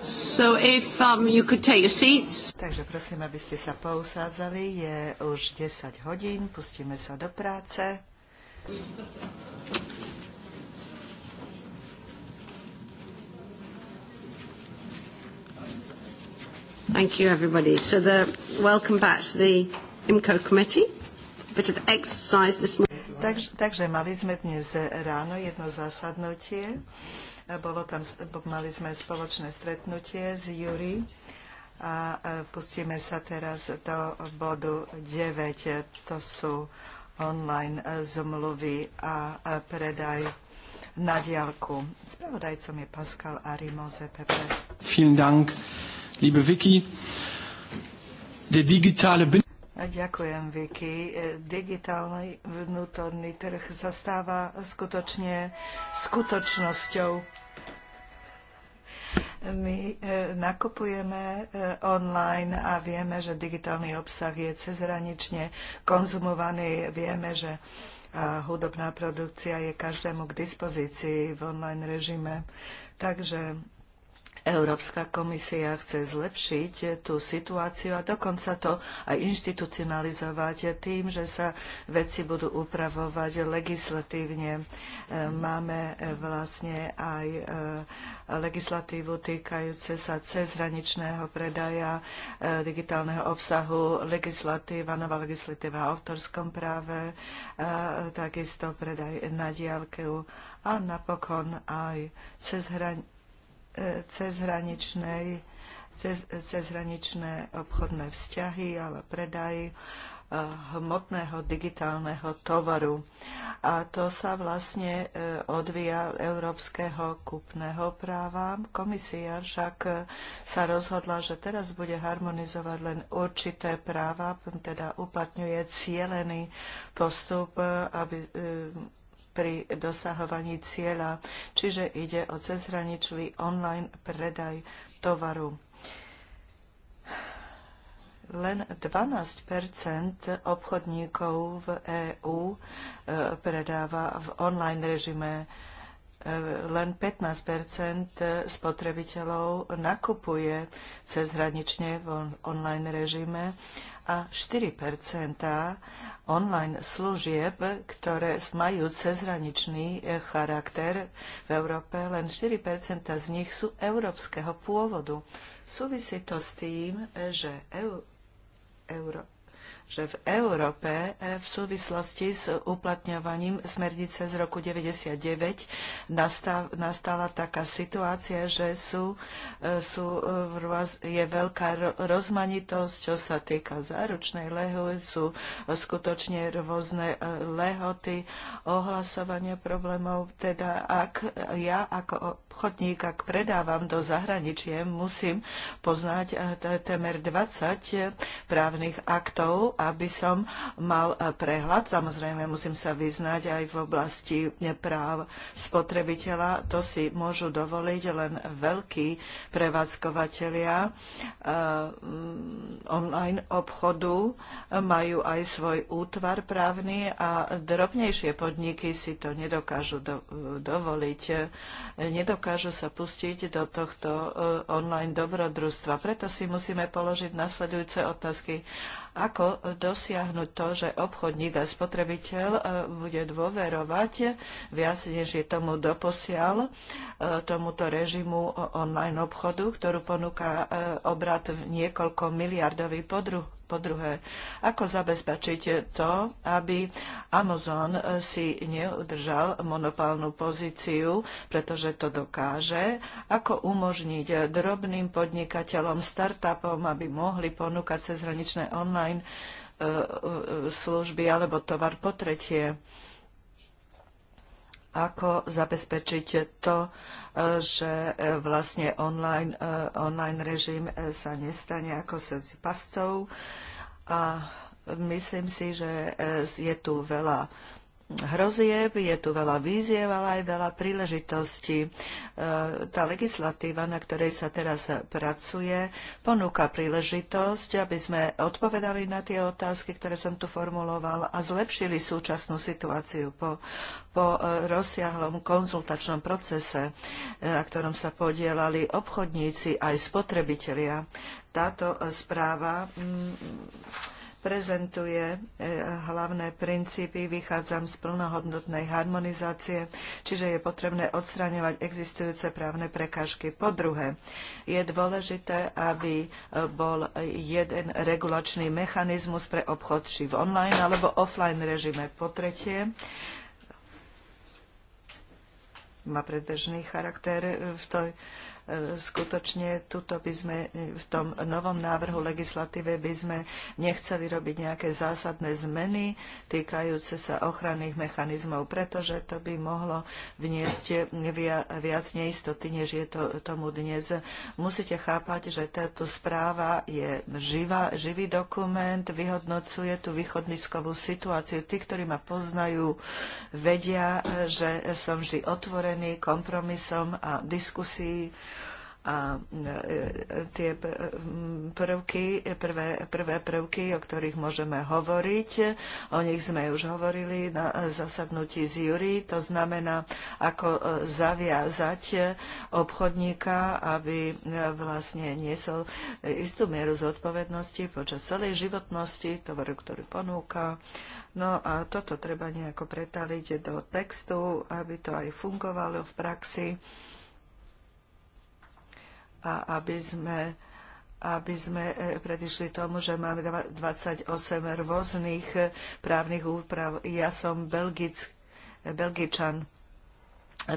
So if, um, you could take your seats. Takže prosím, aby ste sa pousádzali. Je už 10 hodín, pustíme sa do práce. Thank you, everybody. So the welcome back to the IMCO committee. A bit of exercise this morning. Takže, takže mali sme dnes ráno jedno zasadnutie. Bolo tam, mali sme spoločné stretnutie s Juri a e, pustíme sa teraz do bodu 9. To sú online e, zmluvy a e, predaj na diálku. Spravodajcom je Pascal Arimo z EPP. Vielen Dank, liebe Vicky. Der digitale Ďakujem, Vicky. E, digitálny vnútorný trh sa stáva skutočne skutočnosťou. My e, nakupujeme e, online a vieme, že digitálny obsah je cezhranične konzumovaný. Vieme, že hudobná produkcia je každému k dispozícii v online režime. Takže Európska komisia chce zlepšiť tú situáciu a dokonca to aj inštitucionalizovať tým, že sa veci budú upravovať legislatívne. E, máme e, vlastne aj e, legislatívu týkajúce sa cezhraničného predaja digitálneho obsahu, legislatíva, nová legislatíva o autorskom práve, takisto predaj na diálku a napokon aj cezhraničného cezhraničnej, cez, cezhraničné obchodné vzťahy, ale predaj eh, hmotného digitálneho tovaru. A to sa vlastne eh, odvíja európskeho kupného práva. Komisia však eh, sa rozhodla, že teraz bude harmonizovať len určité práva, teda uplatňuje cielený postup, aby pri dosahovaní cieľa, čiže ide o cezhraničný online predaj tovaru. Len 12 obchodníkov v EÚ e, predáva v online režime e, len 15 spotrebiteľov nakupuje cezhranične v online režime a 4 online služieb, ktoré majú cezhraničný e, charakter v Európe, len 4 z nich sú európskeho pôvodu. Súvisí to s tým, e, že EU, Euro, že v Európe eh, v súvislosti s uplatňovaním smernice z roku 99 nastala taká situácia, že sú, eh, sú, eh, je veľká rozmanitosť, čo sa týka záručnej lehoty, sú skutočne rôzne lehoty, ohlasovania problémov. Teda ak ja ako obchodník, ak predávam do zahraničie, musím poznať témer 20 právnych aktov aby som mal eh, prehľad. Samozrejme, musím sa vyznať aj v oblasti eh, práv spotrebiteľa. To si môžu dovoliť len veľkí prevádzkovateľia eh, online obchodu. Majú aj svoj útvar právny a drobnejšie podniky si to nedokážu dovoliť. Nedokážu sa pustiť do tohto online dobrodružstva. Preto si musíme položiť nasledujúce otázky ako dosiahnuť to, že obchodník a spotrebiteľ e, bude dôverovať viac, než je tomu doposiaľ, e, tomuto režimu online obchodu, ktorú ponúka e, obrat v niekoľko miliardový podruh po druhé, ako zabezpečiť to, aby Amazon si neudržal monopálnu pozíciu, pretože to dokáže? Ako umožniť drobným podnikateľom, startupom, aby mohli ponúkať cezhraničné online e, e, služby alebo tovar? Po tretie, ako zabezpečiť to, e, že e, vlastne online, e, online režim sa nestane ako sa s pascov. A myslím si, že je tu veľa hrozieb, je tu veľa výziev, ale aj veľa príležitostí. E, tá legislatíva, na ktorej sa teraz pracuje, ponúka príležitosť, aby sme odpovedali na tie otázky, ktoré som tu formuloval a zlepšili súčasnú situáciu po, po e, rozsiahlom konzultačnom procese, e, na ktorom sa podielali obchodníci aj spotrebitelia. Táto správa mm, prezentuje e, hlavné princípy. Vychádzam z plnohodnotnej harmonizácie, čiže je potrebné odstraňovať existujúce právne prekážky. Po druhé, je dôležité, aby e, bol jeden regulačný mechanizmus pre obchod či v online alebo offline režime. Po tretie, má predbežný charakter v tej skutočne tuto by sme v tom novom návrhu legislatíve by sme nechceli robiť nejaké zásadné zmeny týkajúce sa ochranných mechanizmov, pretože to by mohlo vniesť viac neistoty, než je to tomu dnes. Musíte chápať, že táto správa je živá, živý dokument, vyhodnocuje tú východniskovú situáciu. Tí, ktorí ma poznajú, vedia, že som vždy otvorený kompromisom a diskusii a e, e, tie prvky, prvé, prvé prvky, o ktorých môžeme hovoriť, o nich sme už hovorili na zasadnutí z Jury, to znamená, ako e, zaviazať obchodníka, aby vlastne niesol istú mieru zodpovednosti počas celej životnosti tovaru, ktorý ponúka. No a toto treba nejako pretaliť do textu, aby to aj fungovalo v praxi a aby sme, aby sme e, predišli tomu, že máme 28 rôznych e, právnych úprav. Ja som Belgic, e, Belgičan.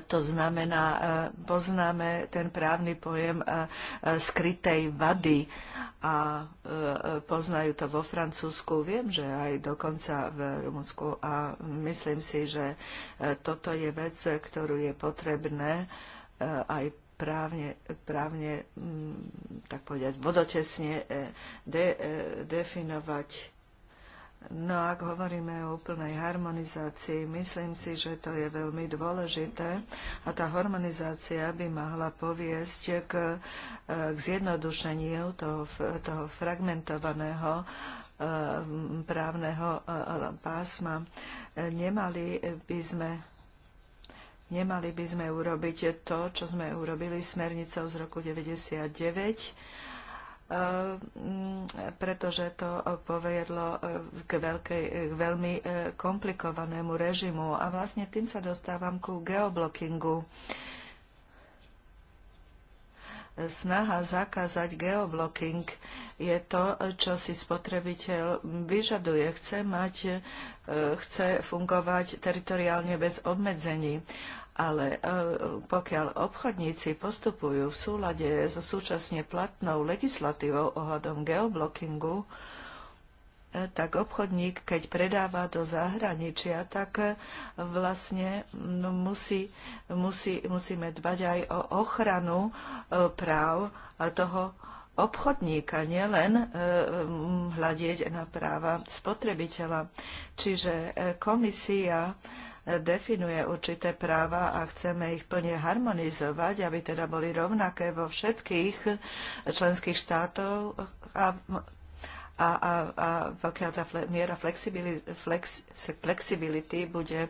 To znamená, poznáme ten právny pojem skrytej vady a poznajú to vo Francúzsku. Viem, že aj dokonca v Rumunsku a myslím si, že toto je vec, ktorú je potrebné aj právne, právne mm, tak povedať, vodotesne e, de, e, definovať. No ak hovoríme o úplnej harmonizácii, myslím si, že to je veľmi dôležité a tá harmonizácia by mohla poviesť k, e, k zjednodušeniu toho, toho fragmentovaného právneho pásma. Nemali by sme Nemali by sme urobiť to, čo sme urobili smernicou z roku 99, eh, mm, pretože to povedlo eh, k, veľkej, eh, k veľmi komplikovanému režimu. A vlastne tým sa dostávam ku geoblockingu. Snaha zakázať geoblocking je to, čo si spotrebiteľ vyžaduje. Chce, mať, chce fungovať teritoriálne bez obmedzení ale e, pokiaľ obchodníci postupujú v súlade so súčasne platnou legislatívou ohľadom geoblockingu, e, tak obchodník, keď predáva do zahraničia, tak e, vlastne musí, musí, musíme dbať aj o ochranu práv toho obchodníka, nielen hľadieť na práva spotrebiteľa. Čiže komisia definuje určité práva a chceme ich plne harmonizovať, aby teda boli rovnaké vo všetkých členských štátov a a, a, a pokiaľ tá fle, miera flexibility, flex, flexibility bude e,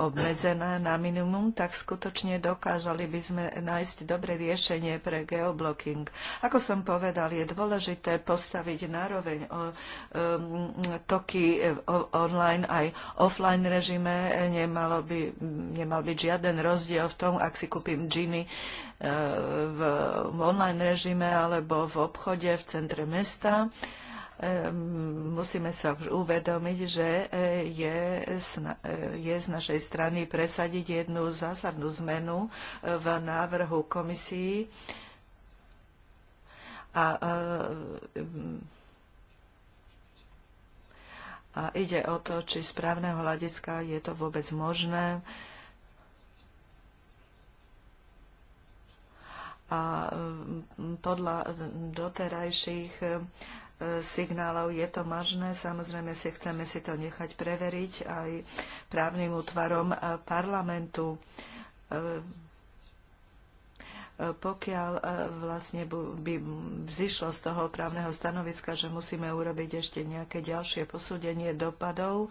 obmedzená na minimum, tak skutočne dokázali by sme nájsť dobré riešenie pre geoblocking. Ako som povedal, je dôležité postaviť nároveň o, um, toky e, online aj offline režime. Nemalo by, nemal byť žiaden rozdiel v tom, ak si kúpim džiny v online režime alebo v obchode v centre mesta musíme sa uvedomiť, že e, je, e, je z našej strany presadiť jednu zásadnú zmenu e, v návrhu komisii a, a ide o to, či z právneho hľadiska je to vôbec možné. A podľa doterajších signálov. Je to možné, samozrejme si chceme si to nechať preveriť aj právnym útvarom eh, parlamentu eh, eh, pokiaľ vlastne by vzýšlo z toho právneho stanoviska, že musíme urobiť ešte nejaké ďalšie posúdenie dopadov,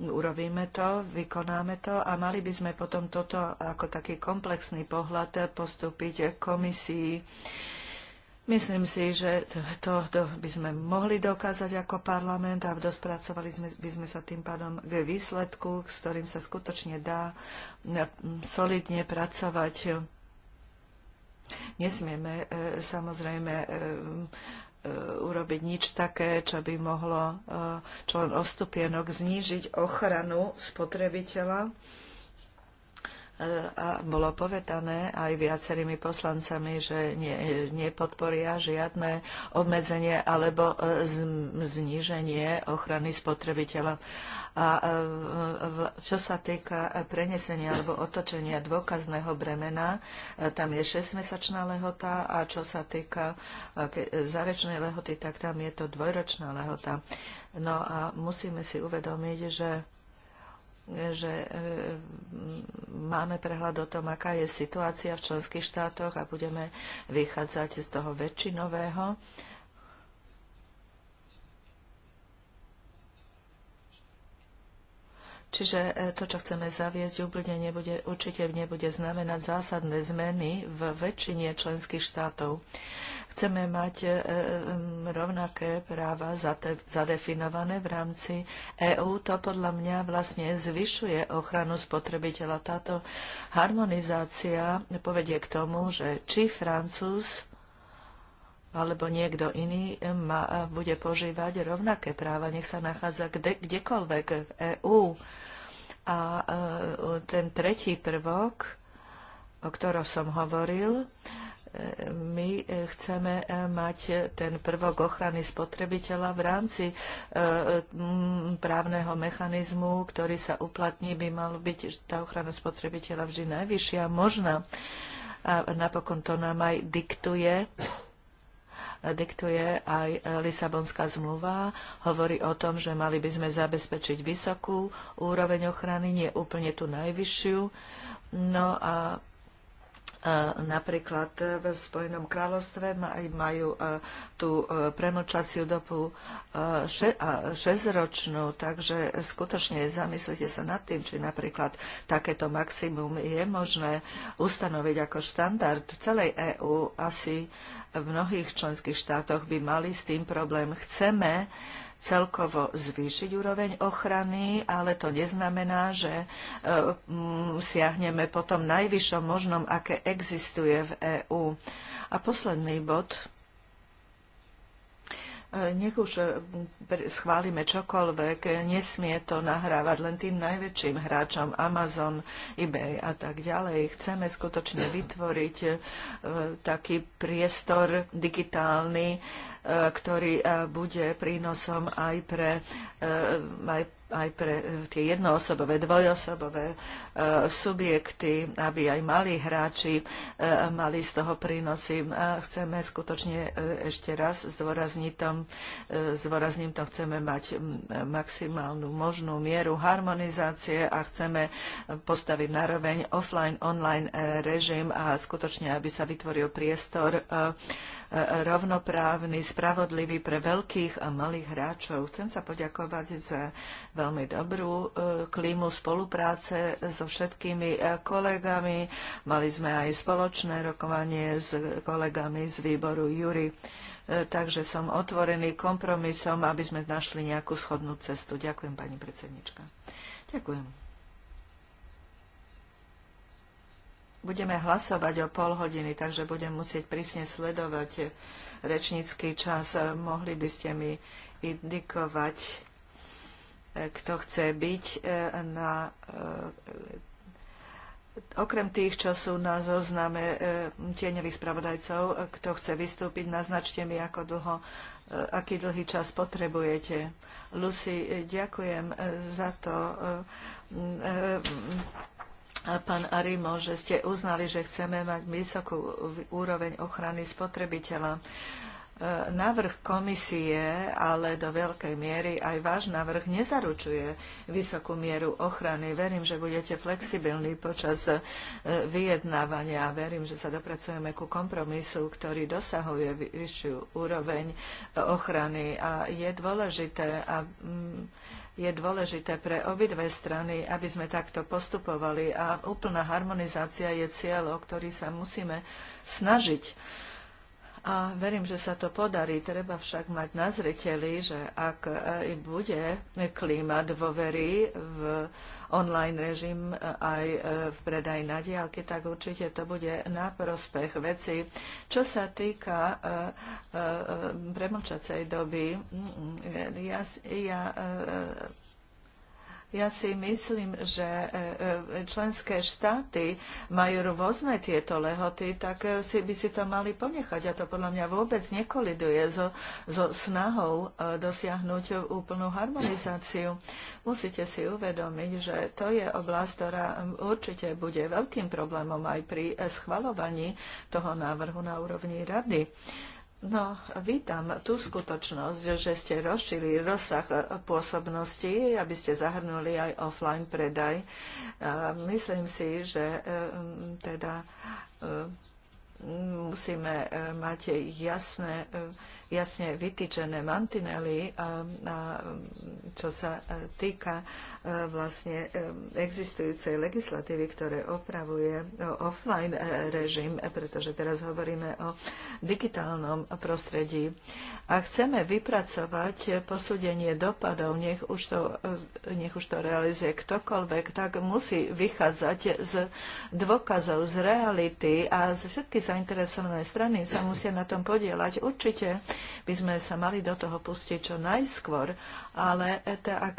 urobíme to, vykonáme to a mali by sme potom toto ako taký komplexný pohľad postúpiť komisii Myslím si, že to, to by sme mohli dokázať ako parlament a dospracovali sme, by sme sa tým pádom k výsledku, s ktorým sa skutočne dá solidne pracovať. Nesmieme e, samozrejme e, e, urobiť nič také, čo by mohlo čo len o stupienok znížiť ochranu spotrebiteľa a bolo povedané aj viacerými poslancami, že nepodporia žiadne obmedzenie alebo e, zníženie ochrany spotrebiteľa. A e, čo sa týka prenesenia alebo otočenia dôkazného bremena, e, tam je 6-mesačná lehota a čo sa týka zárečnej lehoty, tak tam je to dvojročná lehota. No a musíme si uvedomiť, že že e, máme prehľad o tom, aká je situácia v členských štátoch a budeme vychádzať z toho väčšinového. Čiže e, to, čo chceme zaviesť, úplne nebude, určite nebude znamenať zásadné zmeny v väčšine členských štátov chceme mať e, e, rovnaké práva zadefinované v rámci EÚ. To podľa mňa vlastne zvyšuje ochranu spotrebiteľa. Táto harmonizácia povedie k tomu, že či Francúz alebo niekto iný ma, e, bude požívať rovnaké práva, nech sa nachádza kde, kdekoľvek v EÚ. A e, ten tretí prvok, o ktorom som hovoril, e, my e, chceme e, mať ten prvok ochrany spotrebiteľa v rámci e, právneho mechanizmu, ktorý sa uplatní, by mal byť tá ochrana spotrebiteľa vždy najvyššia možná. A napokon to nám aj diktuje diktuje aj Lisabonská zmluva. Hovorí o tom, že mali by sme zabezpečiť vysokú úroveň ochrany, nie úplne tú najvyššiu. No a Napríklad e, v Spojenom kráľovstve majú e, tú e, premlčaciu dobu 6-ročnú, takže skutočne zamyslite sa nad tým, či napríklad takéto maximum je možné ustanoviť ako štandard v celej EÚ. Asi v mnohých členských štátoch by mali s tým problém. Chceme uh, celkovo zvýšiť úroveň ochrany, ale to neznamená, že e, siahneme po tom najvyššom možnom, aké existuje v EÚ. A posledný bod. E, nech už e, schválime čokoľvek, nesmie to nahrávať len tým najväčším hráčom Amazon, eBay a tak ďalej. Chceme skutočne vytvoriť taký priestor digitálny, E, ktorý e, bude prínosom aj pre, e, aj aj pre e, tie jednoosobové, dvojosobové e, subjekty, aby aj malí hráči e, mali z toho prínosy. A chceme skutočne ešte raz zdôrazniť to, zdôrazním to, chceme mať maximálnu možnú mieru harmonizácie a chceme postaviť naroveň offline-online režim a skutočne, aby sa vytvoril priestor rovnoprávny, spravodlivý pre veľkých a malých hráčov. Chcem sa poďakovať za veľmi dobrú e, klímu spolupráce so všetkými e, kolegami. Mali sme aj spoločné rokovanie s kolegami z výboru Jury. E, takže som otvorený kompromisom, aby sme našli nejakú schodnú cestu. Ďakujem, pani predsednička. Ďakujem. Budeme hlasovať o pol hodiny, takže budem musieť prísne sledovať rečnícky čas. Mohli by ste mi indikovať, kto chce byť e, na e, okrem tých, čo sú na zozname e, tieňových spravodajcov, kto chce vystúpiť, naznačte mi, ako dlho, aký dlhý čas potrebujete. Lucy, ďakujem za to, pán Arimo, že ste uznali, že chceme mať vysokú úroveň ochrany spotrebiteľa. E, návrh komisie, ale do veľkej miery aj váš návrh nezaručuje vysokú mieru ochrany. Verím, že budete flexibilní počas e, vyjednávania a verím, že sa dopracujeme ku kompromisu, ktorý dosahuje vyššiu úroveň e, ochrany a je dôležité, a, mm, je dôležité pre obidve strany, aby sme takto postupovali a úplná harmonizácia je cieľ, o ktorý sa musíme snažiť a verím, že sa to podarí. Treba však mať na zreteli, že ak bude klíma dôvery v online režim aj v predaj na diálky, tak určite to bude na prospech veci. Čo sa týka e, e, premočacej doby, ja, ja e, ja si myslím, že e, e, členské štáty majú rôzne tieto lehoty, tak e, si by si to mali ponechať. A to podľa mňa vôbec nekoliduje so, so snahou dosiahnuť úplnú harmonizáciu. Musíte si uvedomiť, že to je oblasť, ktorá určite bude veľkým problémom aj pri schvalovaní toho návrhu na úrovni rady. No, vítam tú skutočnosť, že ste rozšili rozsah pôsobnosti, aby ste zahrnuli aj offline predaj. Myslím si, že um, teda um, musíme uh, mať jasné um, jasne vytýčené mantinely, čo sa e, týka e, vlastne e, existujúcej legislatívy, ktoré opravuje offline režim, pretože teraz hovoríme o digitálnom prostredí. A chceme vypracovať posúdenie dopadov, nech už to, nech už to realizuje ktokoľvek, tak musí vychádzať z dôkazov, z reality a z všetky zainteresované strany sa musia na tom podielať. Určite by sme sa mali do toho pustiť čo najskôr, ale to, e, ak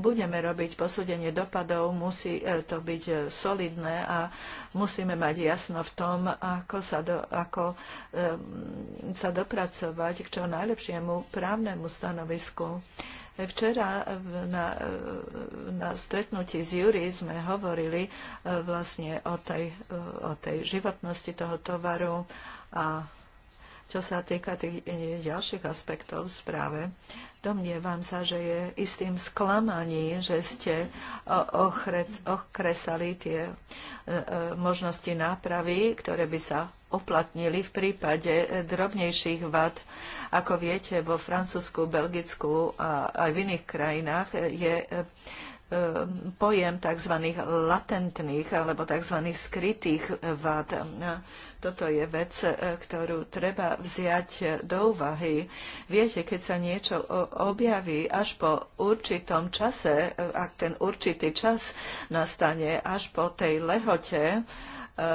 budeme robiť posúdenie dopadov, musí e, to byť e, solidné a musíme mať jasno v tom, ako sa, do, ako, sa dopracovať k čo najlepšiemu právnemu stanovisku. Včera na, na stretnutí s jury sme hovorili vlastne o tej, o tej životnosti toho tovaru a čo sa týka tých e, ďalších aspektov v správe, domnievam sa, že je istým sklamaním, že ste e, okresali tie e, možnosti nápravy, ktoré by sa oplatnili v prípade drobnejších vad. Ako viete, vo Francúzsku, Belgicku a aj v iných krajinách je Ehm, pojem tzv. latentných alebo tzv. skrytých vád. Toto je vec, e, ktorú treba vziať do úvahy. Viete, keď sa niečo objaví až po určitom čase, e, ak ten určitý čas nastane až po tej lehote, Eh,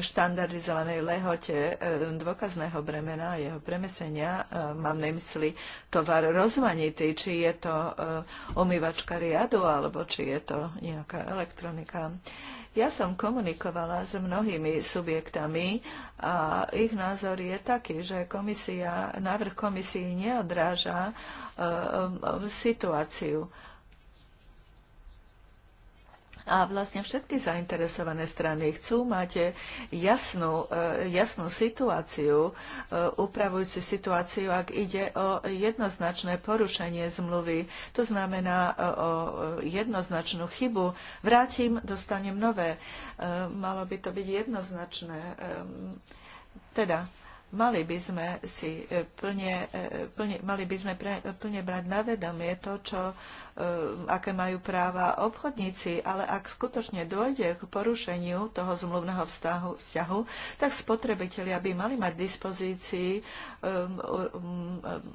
štandardizovanej lehote eh, dôkazného bremena a jeho premesenia, eh, mám na mysli tovar rozmanitý, či je to umývačka riadu, alebo či je to nejaká elektronika. Ja som komunikovala s mnohými subjektami a ich názor je taký, že komisia, návrh komisii neodráža situáciu a vlastne všetky zainteresované strany chcú mať eh, jasnú, eh, jasnú situáciu, eh, upravujúci situáciu, ak ide o jednoznačné porušenie zmluvy. To znamená o jednoznačnú chybu. Vrátim, dostanem nové. Malo by to byť jednoznačné. Teda Mali by sme si e, plne, e, plne, mali by sme pre, plne brať na vedomie to, čo, e, aké majú práva obchodníci, ale ak skutočne dojde k porušeniu toho zmluvného vzťahu, vzťahu tak spotrebitelia by mali mať dispozícii um, um,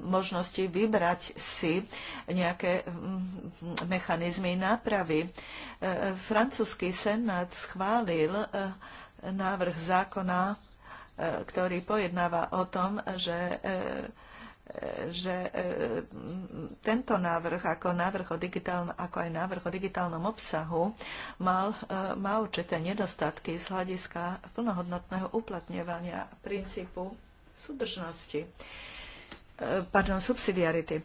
možnosti vybrať si nejaké um, mechanizmy nápravy. Francúzsky senát schválil návrh zákona ktorý pojednáva o tom, že e, že e, tento návrh ako, návrh o ako aj návrh o digitálnom obsahu mal, e, má určité nedostatky z hľadiska plnohodnotného uplatňovania princípu súdržnosti, pardon, subsidiarity.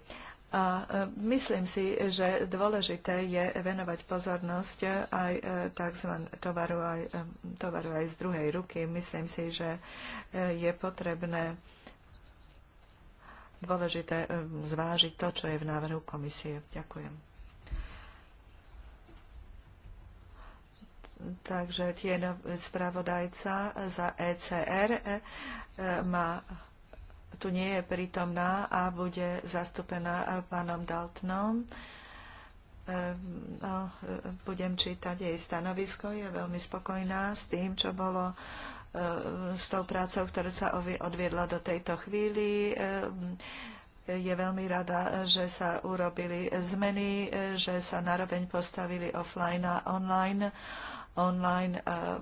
A e, myslím si, že dôležité je venovať pozornosť aj e, tzv. tovaru aj, e, tovaru aj z druhej ruky. Myslím si, že je potrebné dôležité zvážiť to, čo je v návrhu komisie. Ďakujem. Takže tie spravodajca za ECR má tu nie je prítomná a bude zastúpená pánom Daltnom. Ehm, no, ehm, budem čítať jej stanovisko, je veľmi spokojná s tým, čo bolo ehm, s tou prácou, ktorú sa odviedla do tejto chvíli je veľmi rada, že sa urobili zmeny, že sa naroveň postavili offline a online. Online um,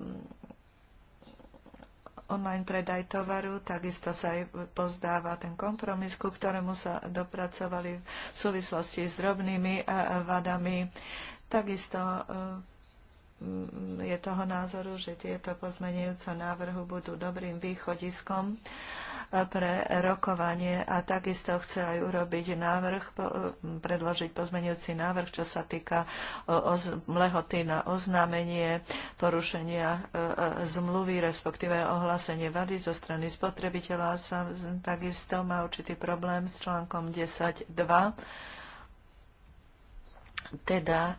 online predaj tovaru, takisto sa aj pozdáva ten kompromis, ku ktorému sa dopracovali v súvislosti s drobnými eh, vadami. Takisto eh, je toho názoru, že tieto pozmenujúce návrhu budú dobrým východiskom pre rokovanie a takisto chce aj urobiť návrh, predložiť pozmenujúci návrh, čo sa týka lehoty na oznámenie porušenia e, e, zmluvy, respektíve ohlásenie vady zo strany spotrebiteľa. takisto má určitý problém s článkom 10.2 teda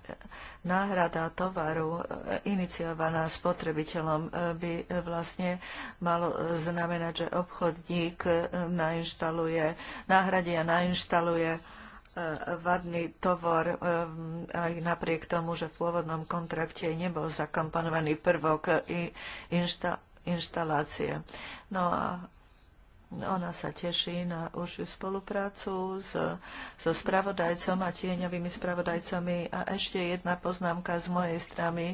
náhrada tovaru e, iniciovaná spotrebiteľom e, by vlastne malo e, znamenať, že obchodník nainštaluje, náhradí a nainštaluje vadný tovor, aj napriek tomu, že v pôvodnom kontrakte nebol zakomponovaný prvok inšta, inštalácie. No a ona sa teší na užšiu spoluprácu so, so spravodajcom a tieňovými spravodajcami. A ešte jedna poznámka z mojej strany.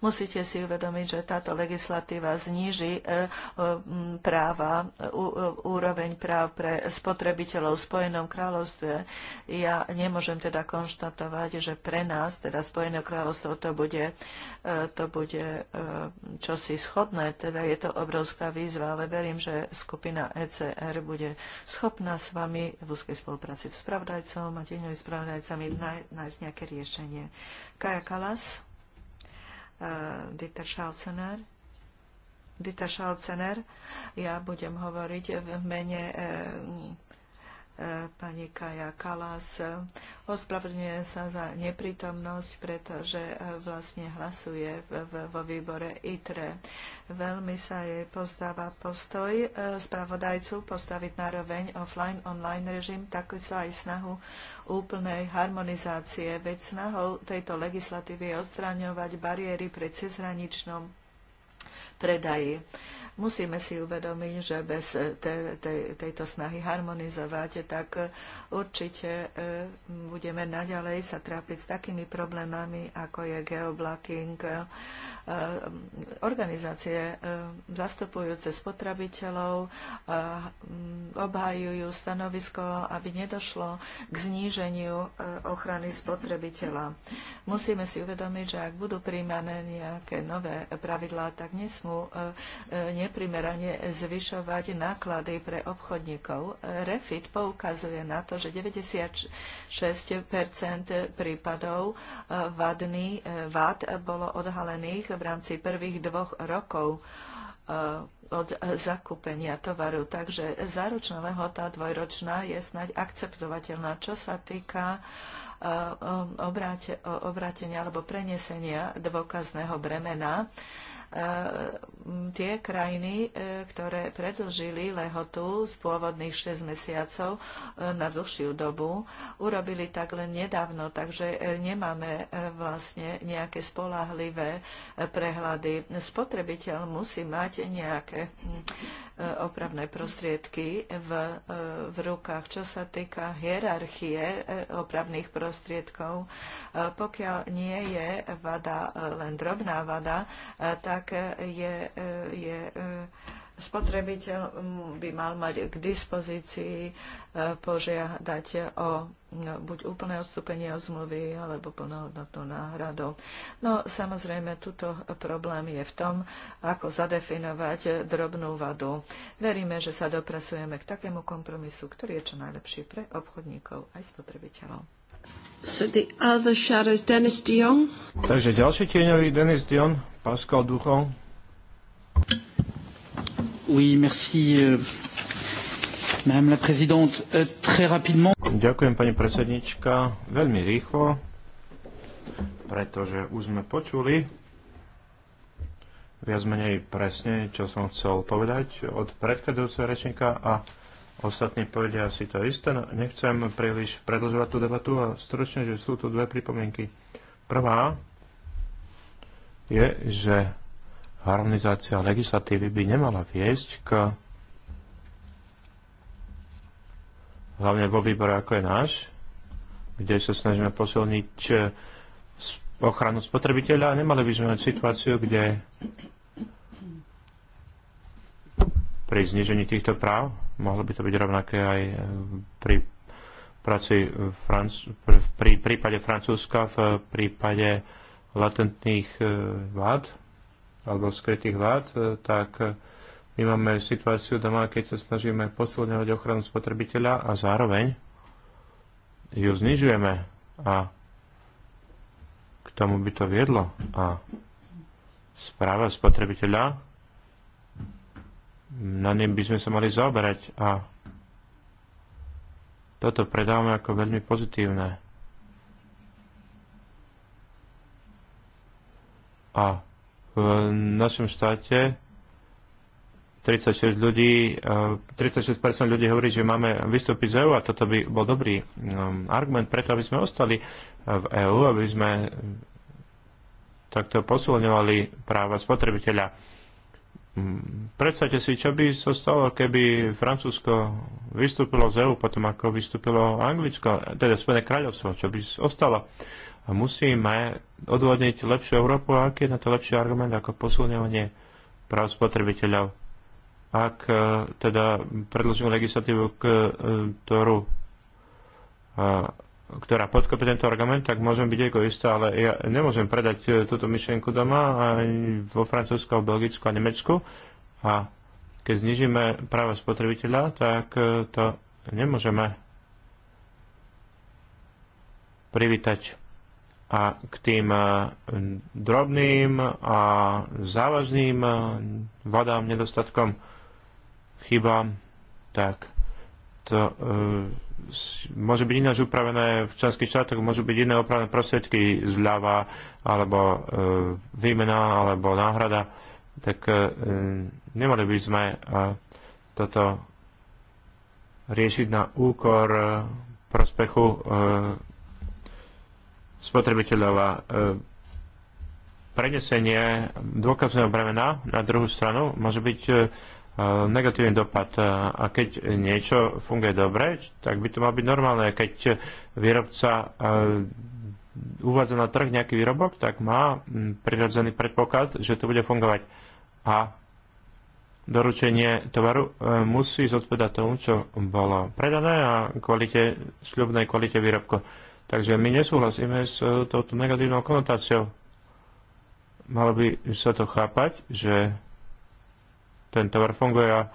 Musíte si uvedomiť, že táto legislatíva zníži e, e, práva, e, úroveň práv pre spotrebiteľov v Spojenom kráľovstve. Ja nemôžem teda konštatovať, že pre nás, teda Spojené kráľovstvo, to bude, to bude čosi schodné. Teda je to obrovská výzva, ale verím, že skupina EC ECR bude schopná s vami v úzkej spolupráci s spravodajcom a tieňovými spravodajcami nájsť nejaké riešenie. Kaja Kalas, e, Dieter Schalzener, Dita Schalzener, Ja budem hovoriť v mene e, pani Kaja Kalas. Ospravedlňujem sa za neprítomnosť, pretože e, vlastne hlasuje vo výbore ITRE. Veľmi sa jej pozdáva postoj e, spravodajcu postaviť naroveň offline-online režim, tak sa aj snahu úplnej harmonizácie, veď snahou tejto legislatívy je odstraňovať bariéry pre cezhraničnom predaji. Musíme si uvedomiť, že bez te, te, tejto snahy harmonizovať, tak určite e, budeme naďalej sa trápiť s takými problémami, ako je geoblocking, e, e, organizácie zastupujúce spotrebiteľov obhajujú stanovisko, aby nedošlo k zníženiu ochrany spotrebiteľa. Musíme si uvedomiť, že ak budú príjmané nejaké nové pravidlá, tak nesmú nesmú e, neprimerane zvyšovať náklady pre obchodníkov. Refit poukazuje na to, že 96 prípadov e, vadný, e, vad bolo odhalených v rámci prvých dvoch rokov od zakúpenia tovaru. Takže záručná lehota dvojročná je snáď akceptovateľná. Čo sa týka obrátenia alebo prenesenia dôkazného bremena, Ehm, tie krajiny, ehm, ktoré predlžili lehotu z pôvodných 6 mesiacov ehm, na dlhšiu dobu, urobili tak len nedávno, takže nemáme vlastne nejaké spolahlivé prehľady. Spotrebiteľ musí mať nejaké hm, E, opravné prostriedky v, e, v rukách. Čo sa týka hierarchie e, opravných prostriedkov, pokiaľ nie je vada len drobná vada, tak je, je spotrebiteľ mm, by mal mať k dispozícii e, požiadať o no, buď úplné odstúpenie od zmluvy alebo plnohodnotnú náhradu. No samozrejme, tuto problém je v tom, ako zadefinovať drobnú vadu. Veríme, že sa dopracujeme k takému kompromisu, ktorý je čo najlepší pre obchodníkov aj spotrebiteľov. So the other shadow is Dennis Dion. Takže ďalší tieňový Dennis Dion, Pascal Duchon. Euh, euh, Ďakujem, pani predsednička. Veľmi rýchlo, pretože už sme počuli viac menej presne, čo som chcel povedať od predchádzajúceho rečníka a ostatní povedia si to isté. No, nechcem príliš predlžovať tú debatu a stručne, že sú tu dve pripomienky. Prvá je, že harmonizácia legislatívy by nemala viesť k hlavne vo výbore ako je náš, kde sa snažíme posilniť e, ochranu spotrebiteľa a nemali by sme mať situáciu, kde pri znižení týchto práv, mohlo by to byť rovnaké aj e, pri práci v pri prípade Francúzska, v prípade latentných e, vlád, alebo skrytých vád, e, tak e, my máme situáciu doma, keď sa snažíme posilňovať ochranu spotrebiteľa a zároveň ju znižujeme a k tomu by to viedlo. A správa spotrebiteľa, na ním by sme sa mali zaoberať a toto predávame ako veľmi pozitívne. A v našom štáte 36 ľudí, 36% e, ľudí hovorí, že máme vystúpiť z EÚ a toto by bol dobrý um, argument preto, aby sme ostali e, v EÚ, aby sme e, takto posilňovali práva spotrebiteľa Predstavte si, čo by sa stalo, keby Francúzsko vystúpilo z EU, potom ako vystúpilo Anglicko, teda Spojené kráľovstvo, čo by ostalo. A musíme odvodniť lepšiu Európu a aký je na to lepší argument ako posilňovanie práv spotrebiteľov. Ak e, teda predložím legislatívu, e, ktorú ktorá podkopí tento argument, tak môžem byť egoista, ale ja nemôžem predať e, túto myšlienku doma vo Francúzsku, Belgicku a Nemecku. A keď znižíme práva spotrebiteľa, tak e, to nemôžeme privítať. A k tým e, drobným a závažným vadám, nedostatkom, chybám, tak to e, môže byť ináč upravené v členských štátoch, môžu byť iné opravné prostriedky zľava, alebo e, výmena, alebo náhrada, tak e, nemali by sme e, toto riešiť na úkor e, prospechu e, spotrebiteľov a e, prenesenie dôkazného bremena na druhú stranu môže byť e, negatívny dopad. A keď niečo funguje dobre, tak by to mal byť normálne. Keď výrobca uvádza na trh nejaký výrobok, tak má prirodzený predpoklad, že to bude fungovať. A doručenie tovaru e, musí zodpovedať tomu, čo bolo predané a kvalite, sľubnej kvalite výrobku. Takže my nesúhlasíme s e, touto negatívnou konotáciou. Malo by sa to chápať, že ten tovar funguje a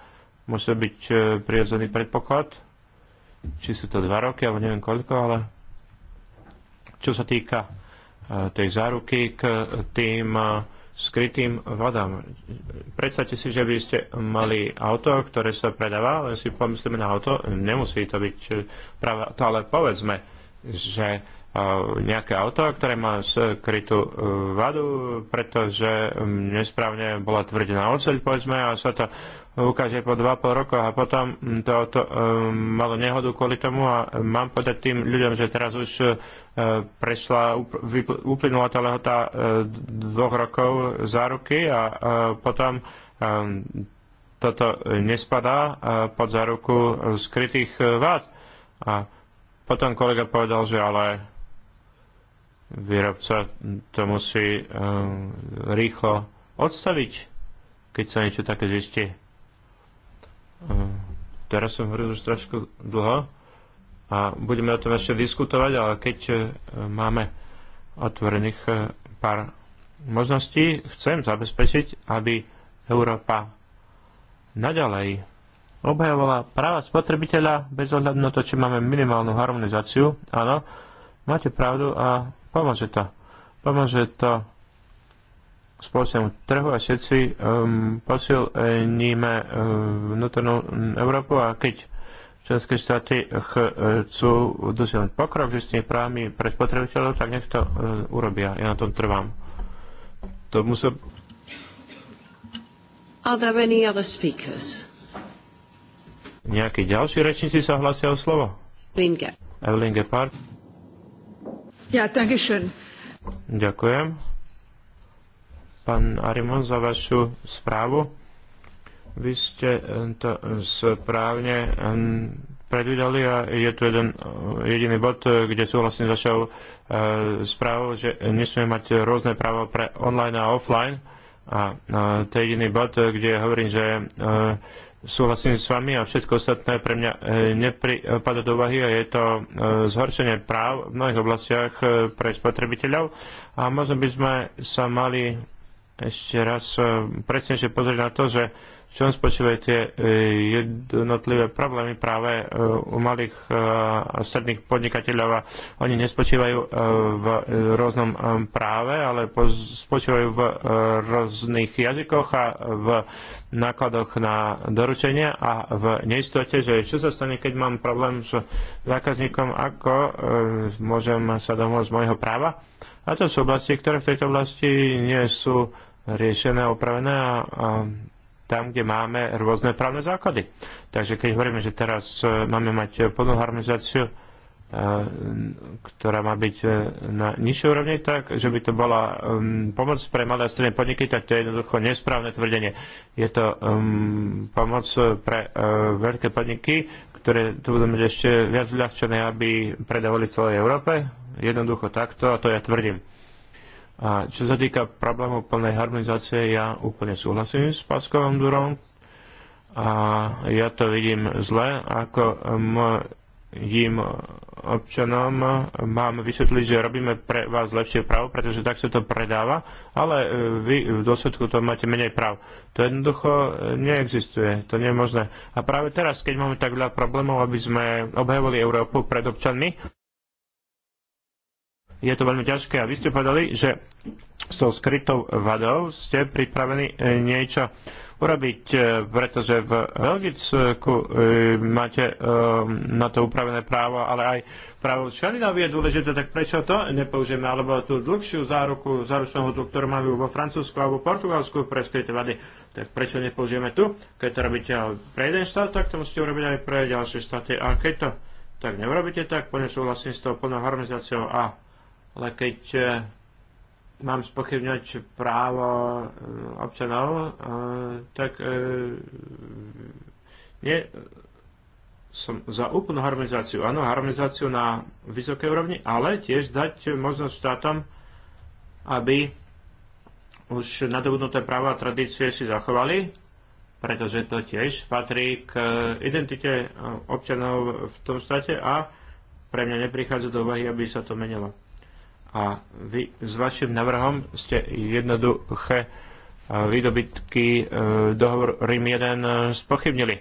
musí byť e, prirodzený predpoklad, či sú to dva roky, alebo neviem koľko, ale čo sa týka e, tej záruky k tým e, skrytým vadám. Predstavte si, že by ste mali auto, ktoré sa predáva, len si pomyslíme na auto, nemusí to byť práve to, ale povedzme, že nejaké auto, ktoré má skrytú e, vadu, pretože nesprávne bola tvrdená oceľ, povedzme, a sa to ukáže po 2,5 rokoch a potom to auto e, malo nehodu kvôli tomu a mám povedať tým ľuďom, že teraz už e, prešla, uplynula tá lehota dvoch rokov záruky a potom toto nespadá pod záruku skrytých vád. A potom kolega povedal, že ale výrobca to musí um, rýchlo odstaviť, keď sa niečo také zistí. Um, teraz som hovoril už trošku dlho a budeme o tom ešte diskutovať, ale keď uh, máme otvorených uh, pár možností, chcem zabezpečiť, aby Európa naďalej obhajovala práva spotrebiteľa bez ohľadu na to, či máme minimálnu harmonizáciu. Áno, Máte pravdu a pomôže to. Pomôže to spoločnému trhu a všetci um, posilníme um, vnútornú Európu a keď členské štáty chcú dosiahnuť pokrok s tými právami pre spotrebiteľov, tak nech to uh, urobia. Ja na tom trvám. To musel... Are there any other speakers? Nejakí ďalší rečníci sa hlasia o slovo? Evelyn Gepard. Ja, danke Ďakujem. Pán Arimon, za vašu správu. Vy ste eh, to eh, správne eh, predvídali a je tu jeden jediný bod, kde súhlasím vlastne začal správou, že nesmieme mať rôzne práva pre online a offline a to je jediný bod, e, kde hovorím, že e, súhlasím s vami a všetko ostatné pre mňa e, nepripada do úvahy a je to zhoršenie práv v mnohých oblastiach pre spotrebiteľov a možno by sme sa mali ešte raz presnejšie pozrieť na to, že čom spočívajú tie e, jednotlivé problémy práve e, u malých e, a stredných podnikateľov a oni nespočívajú v rôznom práve, ale spočívajú v rôznych jazykoch a v nákladoch na doručenie a v neistote, že čo sa stane, keď mám problém s zákazníkom, ako môžem sa domôcť môjho práva. A to sú oblasti, ktoré v tejto oblasti nie sú riešené, opravené a, a tam, kde máme rôzne právne základy. Takže keď hovoríme, že teraz e, máme mať e, plnú harmonizáciu, e, ktorá má byť na nižšej úrovni, tak, že by to bola pomoc pre malé a stredné podniky, tak to je jednoducho nesprávne tvrdenie. Je to um, pomoc pre uh, veľké podniky, ktoré tu budú mať ešte viac ľahčené, aby predávali v celej Európe. Jednoducho takto, a to ja tvrdím. A čo sa týka problému plnej harmonizácie, ja úplne súhlasím s Paskovom Durom a ja to vidím zle, ako im občanom mám vysvetliť, že robíme pre vás lepšie právo, pretože tak sa to predáva, ale e, vy v dôsledku to máte menej práv. To jednoducho neexistuje, to nie je možné. A práve teraz, keď máme tak veľa problémov, aby sme obhajovali Európu pred občanmi, je to veľmi ťažké. A vy ste povedali, že s tou skrytou vadou ste pripravení e, niečo urobiť, e, pretože v Belgicku e, máte na to upravené právo, ale aj právo v Škandinávii je dôležité, tak prečo to nepoužijeme? Alebo tú dlhšiu záruku záručnú hodu, ktorú máme vo Francúzsku alebo Portugalsku pre skryté vady, tak prečo nepoužijeme tu? Keď to robíte pre jeden štát, tak to musíte urobiť aj pre ďalšie štáty. A keď to tak neurobíte, tak plne súhlasím s tou plnou harmonizáciou a ale keď e, mám spochybňovať právo e, občanov, e, tak nie som za úplnú harmonizáciu. Áno, harmonizáciu na vysokej úrovni, ale tiež dať možnosť štátom, aby už nadobudnuté práva a tradície si zachovali, pretože to tiež patrí k identite občanov v tom štáte a pre mňa neprichádza do úvahy, aby sa to menilo. A vy s vašim navrhom ste jednoduché e, výdobytky e, dohovor Rím 1 e, spochybnili.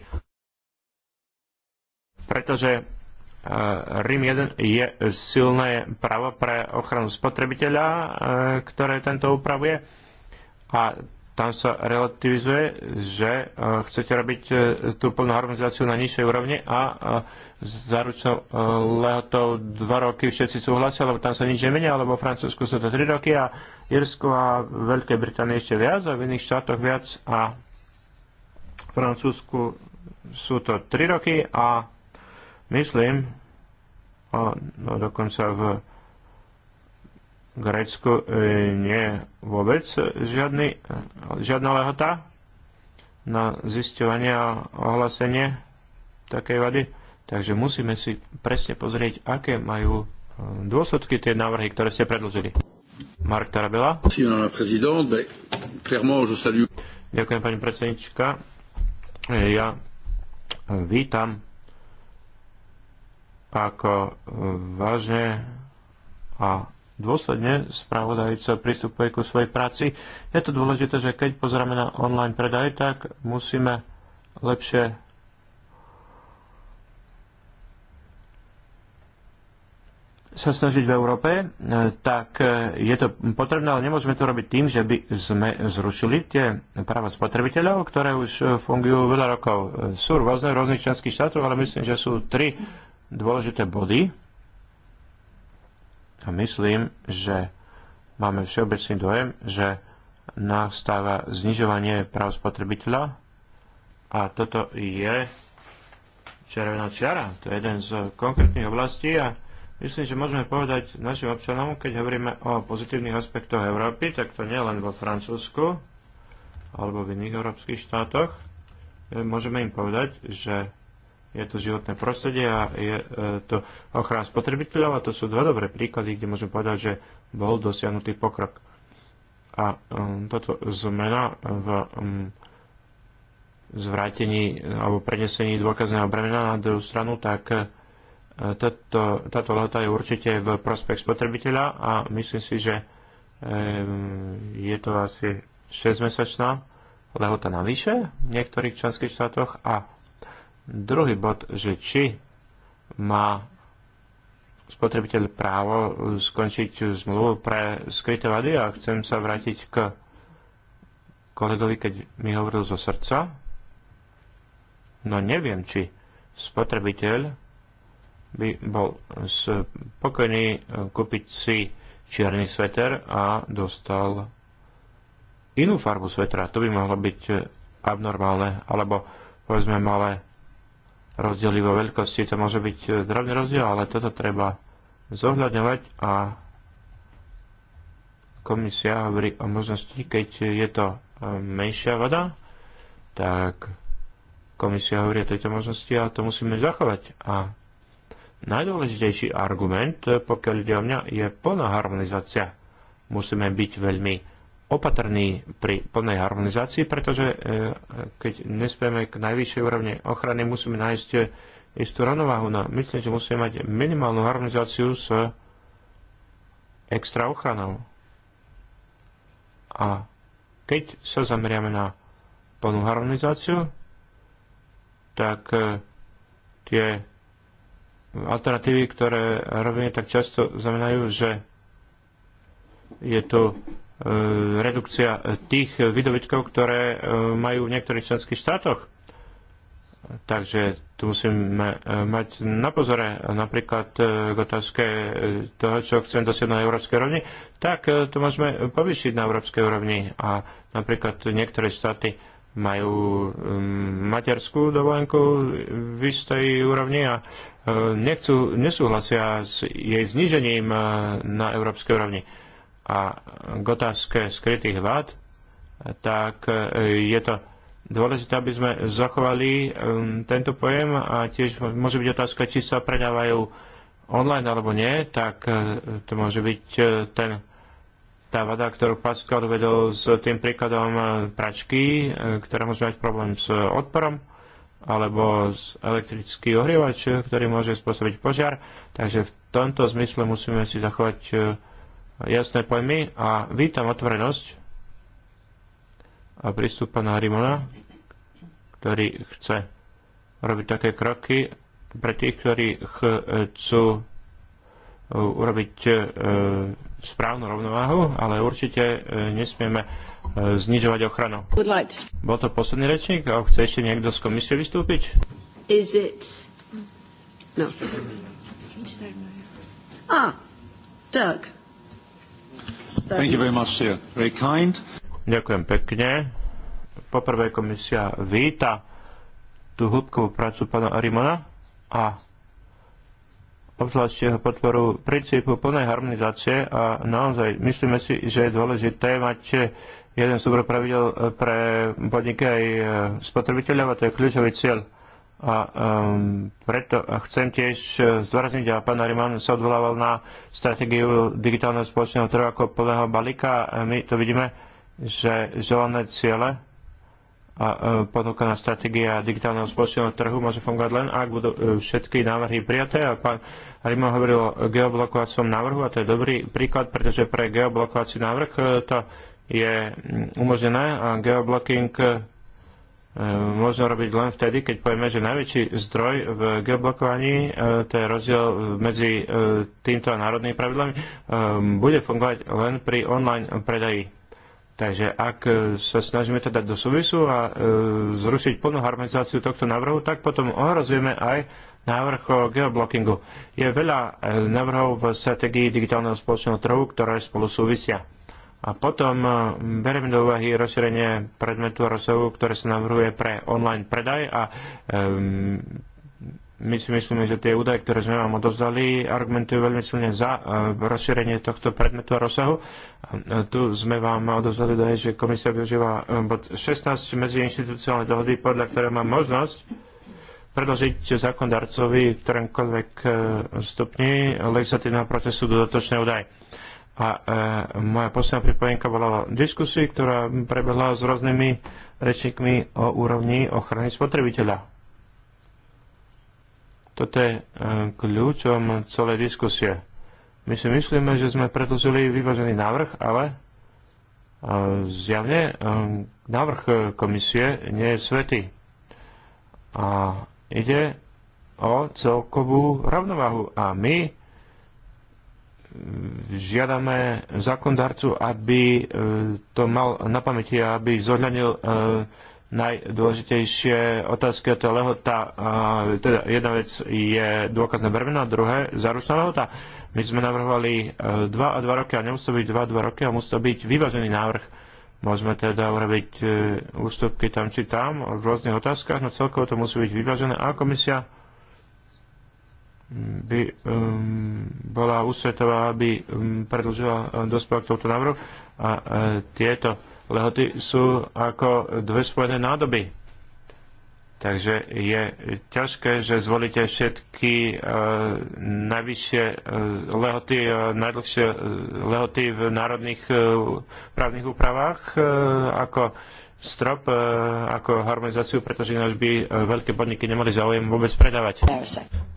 Pretože Rím 1 je silné právo pre ochranu spotrebiteľa, ktoré tento upravuje. A tam sa relativizuje, že chcete robiť tú plnú harmonizáciu na nižšej úrovni a záručnou eh, lehotou dva roky všetci súhlasia, lebo tam sa nič nemenia, alebo v Francúzsku sú to 3 roky a Irsku a Veľkej Británii ešte viac a v iných štátoch viac a v Francúzsku sú to 3 roky a myslím, a no dokonca v Grécku e, nie vôbec žiadny, žiadna lehota na zisťovanie a ohlasenie takej vady. Takže musíme si presne pozrieť, aké majú e, dôsledky tie návrhy, ktoré ste predložili. Mark Tarabela. Ďakujem, pani predsednička. E, ja e, vítam ako vážne a dôsledne spravodajúca pristupuje ku svojej práci. Je to dôležité, že keď pozrieme na online predaj, tak musíme lepšie sa snažiť v Európe, e, tak e, je to potrebné, ale nemôžeme to robiť tým, že by sme zrušili tie práva spotrebiteľov, ktoré už e, fungujú veľa rokov. Sú rôzne rôznych členských štátov, ale myslím, že sú tri dôležité body. A myslím, že máme všeobecný dojem, že nastáva znižovanie práv spotrebiteľa a toto je červená čiara. To je jeden z konkrétnych oblastí a Myslím, že môžeme povedať našim občanom, keď hovoríme o pozitívnych aspektoch Európy, tak to nie len vo Francúzsku alebo v iných európskych štátoch. E, môžeme im povedať, že je to životné prostredie a je e, to ochrana spotrebiteľov a to sú dva dobré príklady, kde môžeme povedať, že bol dosiahnutý pokrok. A um, táto zmena v um, zvrátení alebo prenesení dôkazného bremena na druhú stranu, tak e, Tato, táto lehota je určite v prospech spotrebiteľa a myslím si, že je to asi 6-mesačná lehota navyše v niektorých členských štátoch a druhý bod, že či má spotrebiteľ právo skončiť zmluvu pre skryté vady a chcem sa vrátiť k kolegovi, keď mi hovoril zo srdca. No neviem, či spotrebiteľ by bol spokojný eh, kúpiť si čierny sveter a dostal inú farbu svetra. To by mohlo byť eh, abnormálne, alebo povedzme malé rozdiely vo veľkosti. To môže byť eh, drobný rozdiel, ale toto treba zohľadňovať a komisia hovorí o možnosti, keď je to menšia voda, tak komisia hovorí o tejto možnosti a to musíme zachovať. A Najdôležitejší argument, eh, pokiaľ ide o mňa, je plná harmonizácia. Musíme byť veľmi opatrní pri plnej harmonizácii, pretože eh, keď nespieme k najvyššej úrovni ochrany, musíme nájsť eh, istú rovnováhu. No, myslím, že musíme mať minimálnu harmonizáciu s extra ochranou. A keď sa zameriame na plnú harmonizáciu, tak tie alternatívy, ktoré rovne tak často, znamenajú, že je tu e, redukcia tých vydobytkov, ktoré e, majú v niektorých členských štátoch. Takže tu musíme e, mať na pozore napríklad k otázke toho, čo chcem dosiahnuť na európskej rovni, tak to môžeme povyšiť na európskej úrovni a napríklad niektoré štáty majú um, materskú dovolenku v istej úrovni a e, nechcú, nesúhlasia s jej znižením e, na európskej úrovni. A k otázke skrytých vád, tak e, je to dôležité, aby sme zachovali um, tento pojem a tiež môže byť otázka, či sa predávajú online alebo nie, tak to môže byť ten tá vada, ktorú Pascal uvedol s tým príkladom e, pračky, e, ktorá môže mať problém s odporom, alebo s elektrický ohrievač, ktorý môže spôsobiť požiar. Takže v tomto zmysle musíme si zachovať e, jasné pojmy a vítam otvorenosť a prístup pána Rimona, ktorý chce robiť také kroky pre tých, ktorí chcú urobiť e, správnu rovnováhu, ale určite e, nesmieme e, znižovať ochranu. Bol to posledný rečník a chce ešte niekto z komisie vystúpiť? Is it... No. Ah, Doug. Thank you very much, Very kind. Ďakujem pekne. Poprvé komisia víta tú hĺbkovú prácu pána Arimona a obzvlášť jeho podporu princípu plnej harmonizácie a naozaj myslíme si, že je dôležité mať jeden súbor pravidel pre podniky aj spotrebiteľov a to je kľúčový cieľ. A um, preto chcem tiež zdôrazniť, a pán Ariman sa odvolával na stratégiu digitálneho spoločného trhu ako plného balíka. My to vidíme, že želané ciele a e, ponúkaná stratégia digitálneho spoločného trhu môže fungovať len, ak budú e, všetky návrhy prijaté. A pán Rimo hovoril o geoblokovacom návrhu a to je dobrý príklad, pretože pre geoblokovací návrh e, to je mm, umožnené a geoblocking možno robiť len vtedy, keď povieme, že najväčší zdroj v geoblokovaní, to je rozdiel medzi týmto a národnými pravidlami, bude fungovať len pri online predaji. Takže ak e, sa snažíme to dať do súvisu a e, zrušiť plnú harmonizáciu tohto návrhu, tak potom ohrozujeme aj návrh o geoblockingu. Je veľa e, návrhov v strategii digitálneho spoločného trhu, ktoré spolu súvisia. A potom bereme do úvahy rozšírenie predmetu a rozsahu, ktoré sa navrhuje pre online predaj a e, my si myslíme, že tie údaje, ktoré sme vám odovzdali, argumentujú veľmi silne za e, rozšírenie tohto predmetu a rozsahu. E, tu sme vám odovzdali že komisia využíva e, bod 16 medziinstitucionálnej dohody, podľa ktoré má možnosť predložiť zákondarcovi v ktoromkoľvek stupni legislatívneho procesu dodatočné údaje. A e, moja posledná pripojenka bola o diskusii, ktorá prebehla s rôznymi rečníkmi o úrovni ochrany spotrebiteľa toto je e, kľúčom celej diskusie. My si myslíme, že sme predložili vyvážený návrh, ale e, zjavne e, návrh komisie nie je svetý. A ide o celkovú rovnováhu. A my žiadame zákondarcu, aby to mal na pamäti, aby zohľadnil najdôležitejšie otázky, a to je lehota. Teda jedna vec je dôkazné bremeno, a druhé záručná lehota. My sme navrhovali 2 e, a 2 roky, a nemusí to byť 2 a 2 roky, a musí to byť vyvážený návrh. Môžeme teda urobiť e, ústupky tam či tam v rôznych otázkach, no celkovo to musí byť vyvážené. A komisia by um, bola úsvetová, aby um, predlžila um, e, dospel k tomuto návrhu a uh, tieto lehoty sú ako dve spojené nádoby Takže je ťažké, že zvolíte všetky uh, najvyššie uh, lehoty, uh, najdlhšie uh, lehoty v národných uh, právnych úpravách uh, ako strop, uh, ako harmonizáciu, pretože ináč by veľké podniky nemali záujem vôbec predávať.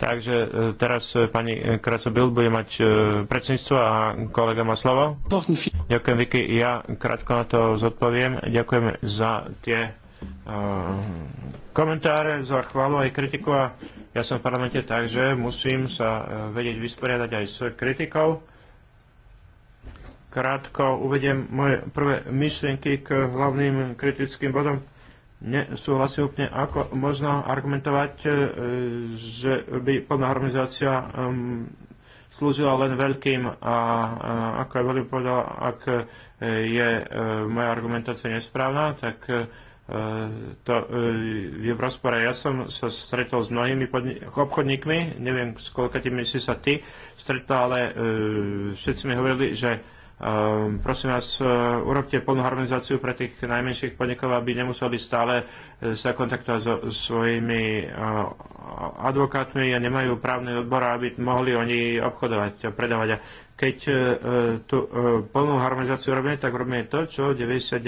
Takže uh, teraz uh, pani krasobil bude mať uh, predsedníctvo a kolega má slovo. Ďakujem, Vicky. Ja krátko na to zodpoviem. Ďakujem za tie Eh, komentáre za chválu aj kritiku a ja som v parlamente tak, že musím sa eh, vedieť vysporiadať aj s kritikou. Krátko uvediem moje prvé myšlienky k hlavným kritickým bodom. Nesúhlasím úplne, ako možno argumentovať, eh, že by plná harmonizácia ehm, slúžila len veľkým a, ako aj veľmi povedal, ak je moja argumentácia nesprávna, tak E, to e, je v rozpore. Ja som sa stretol s mnohými obchodníkmi, neviem, s koľkatými si sa ty stretol, ale e, všetci mi hovorili, že prosím vás, urobte plnú harmonizáciu pre tých najmenších podnikov, aby nemuseli stále sa kontaktovať so svojimi advokátmi a nemajú právny odbor, aby mohli oni obchodovať a predávať. A keď tú plnú harmonizáciu robíme, tak robíme to, čo 99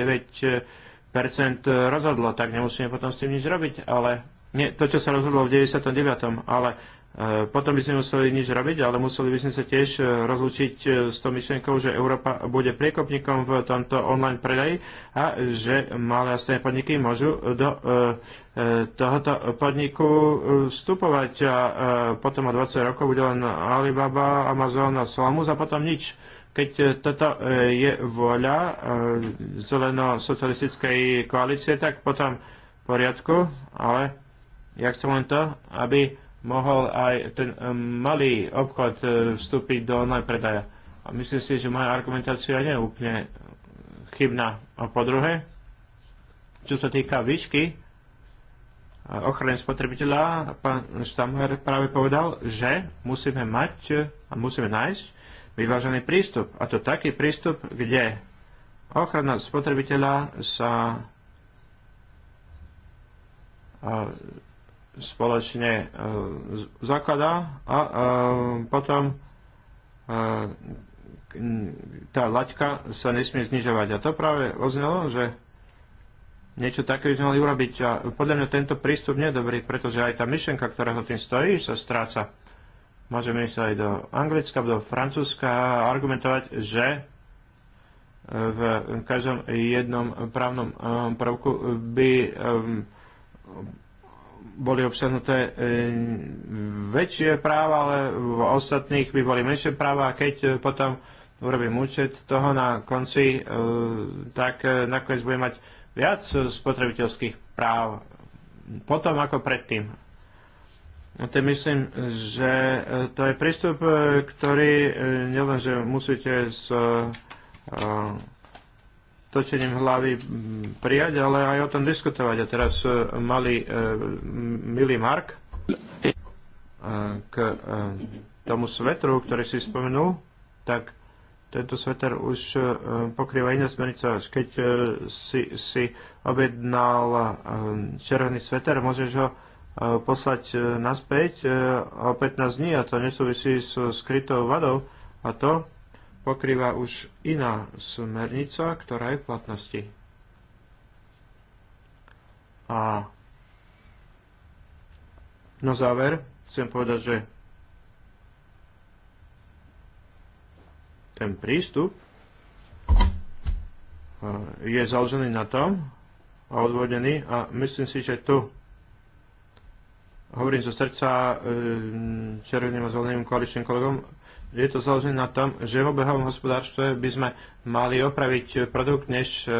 percent e, rozhodlo, tak nemusíme potom s tým nič robiť, ale nie, to, čo sa rozhodlo v 99., ale e, potom by sme museli nič robiť, ale museli by sme sa tiež e, rozlučiť s tou myšlienkou, že Európa bude priekopníkom v tomto online predaji a že malé a stredné podniky môžu do tohoto podniku vstupovať a potom o 20 rokov bude len Alibaba, Amazon a Slamus a potom nič keď e, toto e, je vôľa e, zeleno-socialistickej koalície, tak potom v poriadku, ale ja chcem len to, aby mohol aj ten malý obchod vstúpiť do online predaja. A myslím si, že moja argumentácia nie je úplne chybná. A po druhé, čo sa týka výšky ochrany spotrebiteľa, pán Štamer práve povedal, že musíme mať a musíme nájsť vyvážený prístup. A to taký prístup, kde ochrana spotrebiteľa sa spoločne e, zakladá a e, potom e, tá laťka sa nesmie znižovať. A to práve oznelo, že niečo také by sme mali urobiť. A podľa mňa tento prístup nie je dobrý, pretože aj tá myšlenka, ktorá za tým stojí, sa stráca môžeme ísť aj do Anglicka, do Francúzska a argumentovať, že e, v každom jednom právnom e, prvku by e, boli obsahnuté väčšie práva, ale v ostatných by boli menšie práva a keď potom urobím účet toho na konci, tak nakoniec budem mať viac spotrebiteľských práv potom ako predtým. No Tým myslím, že e, to je prístup, e, ktorý e, nielenže musíte s točením hlavy prijať, ale aj o tom diskutovať. A teraz malý, milý Mark k tomu svetru, ktorý si spomenul, tak tento sveter už pokrýva iná smernica. Keď si, si objednal červený sveter, môžeš ho poslať e, naspäť e, o 15 dní a to nesúvisí s skrytou vadou a to pokrýva už iná smernica, ktorá je v platnosti. A na záver chcem povedať, že ten prístup e, je založený na tom a odvodený a myslím si, že tu hovorím zo srdca e, červeným a zeleným koaličným kolegom, je to založené na tom, že v obehovom hospodárstve by sme mali opraviť produkt, než e,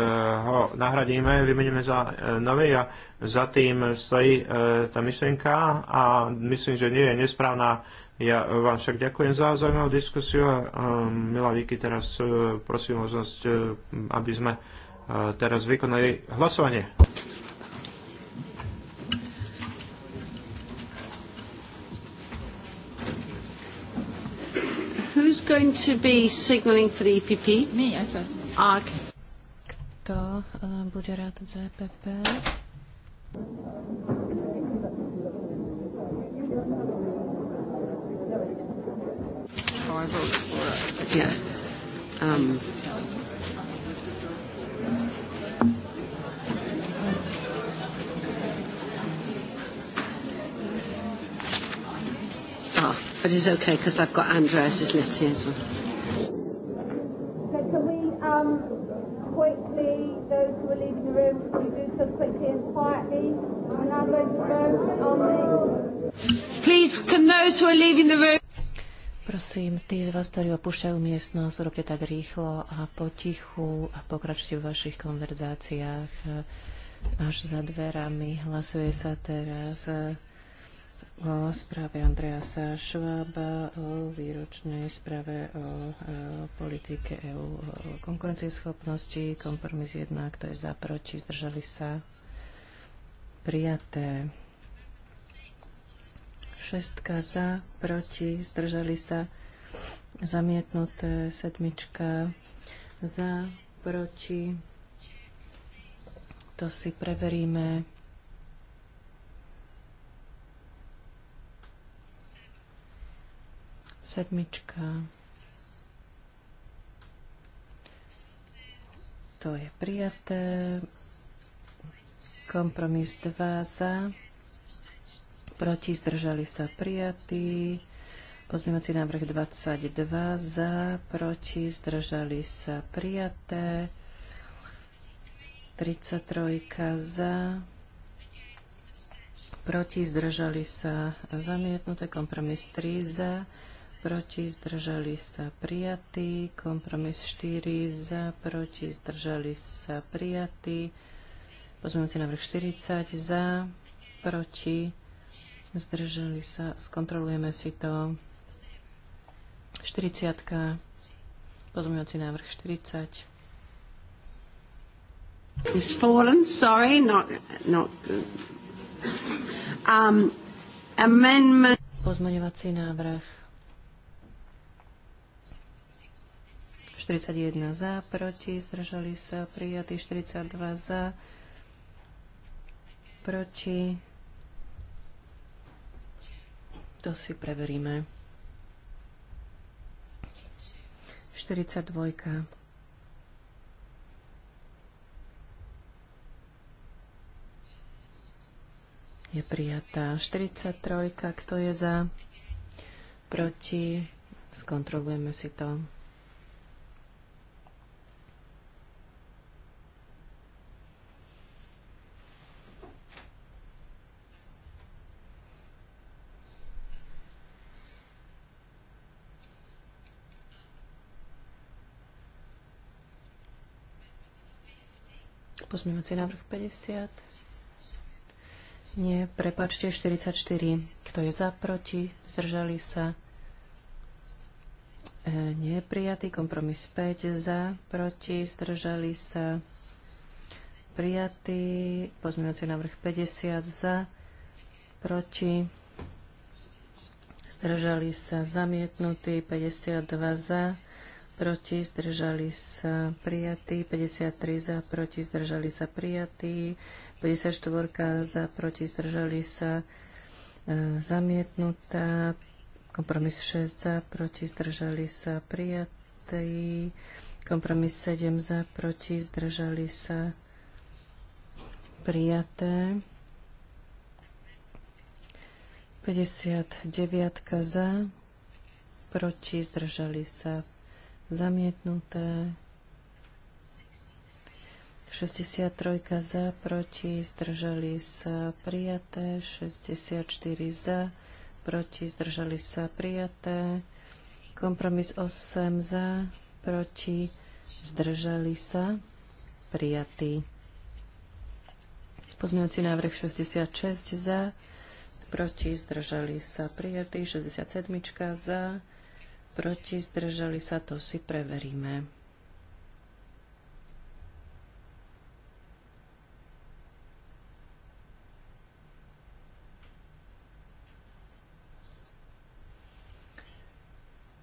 ho nahradíme, vymeníme za e, nový a za tým stojí tá myšlienka a myslím, že nie je nesprávna. Ja vám však ďakujem za zaujímavú diskusiu a milá Viki, teraz prosím možnosť, aby sme teraz vykonali hlasovanie. going to be signaling for the EPP? Me, I said. Ah, okay. Kto eh, bude rád za EPP? Oh, yeah. Um, But it's okay because I've got Andreas's list here as well. So can we um, quickly, room, we do so quickly and quietly? And I'm going to vote on the Prosím, tí z vás, ktorí opúšťajú miestnosť, urobte tak rýchlo a potichu a pokračujte v vašich konverzáciách eh, až za dverami. Hlasuje sa teraz eh, o správe Andreasa Švába, o výročnej správe o, e, politike EU o konkurencieschopnosti, kompromis 1, kto je za, proti, zdržali sa, prijaté. Šestka za, proti, zdržali sa, zamietnuté, sedmička za, proti, to si preveríme. Sedmička. To je prijaté. Kompromis 2 za. Proti zdržali sa prijatí. Pozmievací návrh 22 za, proti, zdržali sa prijaté. 33 za, proti, zdržali sa zamietnuté. Kompromis 3 za, proti, zdržali sa prijatí. Kompromis 4 za, proti, zdržali sa prijatí. Pozmeňujúci návrh 40 za, proti, zdržali sa. Skontrolujeme si to. 40. Pozmeňujúci návrh 40. Is fallen, sorry, not, not, um, amendment. Pozmeňovací návrh 41 za, proti, zdržali sa prijatí 42 za, proti. To si preveríme. 42. Je prijatá. 43. Kto je za? Proti? Skontrolujeme si to. pozmeňujúci návrh 50. Nie, prepačte, 44. Kto je za, proti? Zdržali sa? E, nie, prijatý. Kompromis 5. Za, proti? Zdržali sa? Prijatý. Pozmeňujúci návrh 50. Za, proti? Zdržali sa? Zamietnutý. 52 za proti, zdržali sa prijatí, 53 za, proti, zdržali sa prijatí, 54 za, proti, zdržali sa e, zamietnutá, kompromis 6 za, proti, zdržali sa prijatí, kompromis 7 za, proti, zdržali sa prijaté, 59 za, proti, zdržali sa zamietnuté. 63 za, proti, zdržali sa prijaté, 64 za, proti, zdržali sa prijaté, kompromis 8 za, proti, zdržali sa prijatý. Pozmeňujúci návrh 66 za, proti, zdržali sa prijatý, 67 za, proti, zdržali sa, to si preveríme.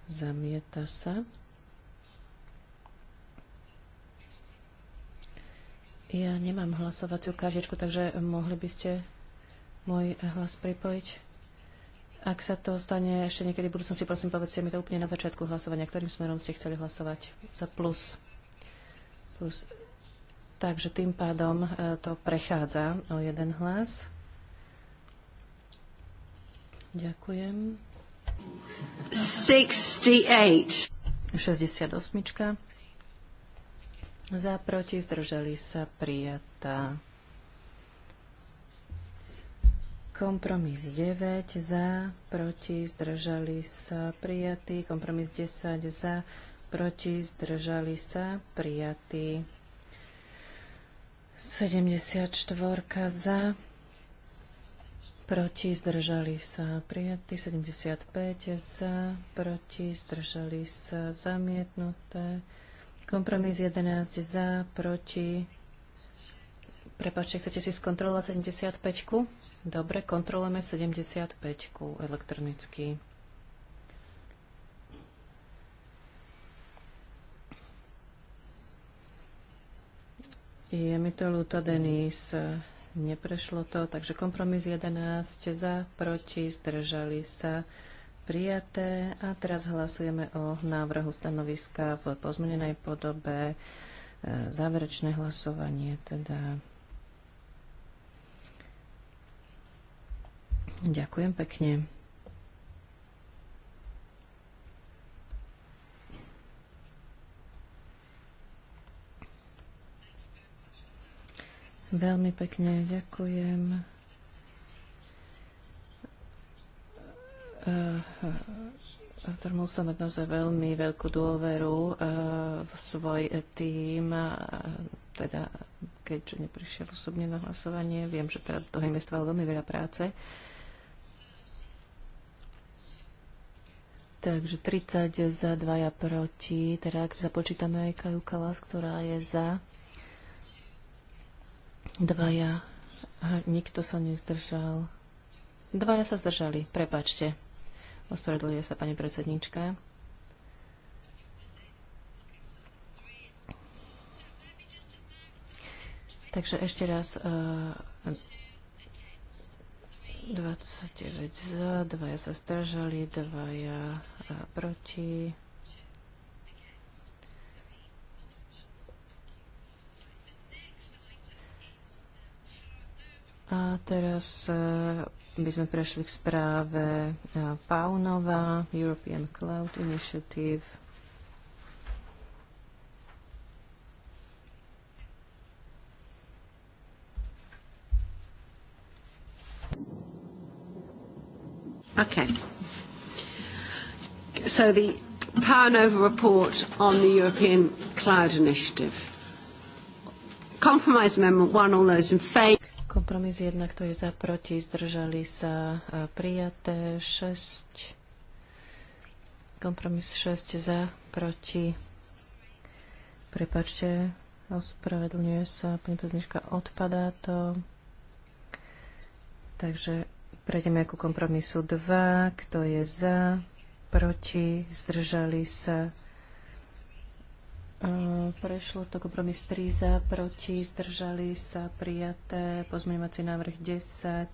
Zamieta sa. Ja nemám hlasovaciu kážičku, takže mohli by ste môj hlas pripojiť? Ak sa to stane ešte niekedy v budúcnosti, prosím, povedzte mi to úplne na začiatku hlasovania, ktorým smerom ste chceli hlasovať. Za plus. plus. Takže tým pádom e, to prechádza o jeden hlas. Ďakujem. 68. 68. Za, proti, zdržali sa, prijatá. Kompromis 9 za, proti, zdržali sa, prijatý. Kompromis 10 za, proti, zdržali sa, prijatý. 74 za, proti, zdržali sa, prijatý. 75 za, proti, zdržali sa, zamietnuté. Kompromis 11 za, proti, Prepačte, chcete si skontrolovať 75-ku? Dobre, kontrolujeme 75 elektronicky. Je mi to ľúto, Denis. Neprešlo to, takže kompromis 11 za, proti, zdržali sa prijaté. A teraz hlasujeme o návrhu stanoviska v pozmenenej podobe. E, záverečné hlasovanie teda Ďakujem pekne. Veľmi pekne ďakujem. uh, Musa mať naozaj veľmi veľkú dôveru uh, v svoj tým, uh, eh, teda keďže neprišiel osobne na hlasovanie, viem, že teda to investoval veľmi veľa práce. Uh, Takže 30 za, 2 proti. Teda ak započítame aj Kaju Kalas, ktorá je za. 2 Aha, nikto sa nezdržal. Dvaja sa zdržali, prepačte. Ospravedlňuje sa pani predsednička. Takže ešte raz uh, e, 29 za, dvaja sa zdržali, dvaja proti. A teraz e, by sme prešli k správe e, Paunova, European Cloud Initiative. Okay so the Power Nova report on the European Cloud Initiative. Compromise Amendment 1, all those in favour. Kompromis 1, kto je za, proti, zdržali sa, e, prijaté 6. Kompromis 6 za, proti. Prepačte, ospravedlňuje sa, pani preznička, odpadá to. Takže prejdeme ku kompromisu 2, kto je za, proti, zdržali sa. E, prešlo to kompromis 3 za, proti, zdržali sa, prijaté. Pozmeňovací návrh 10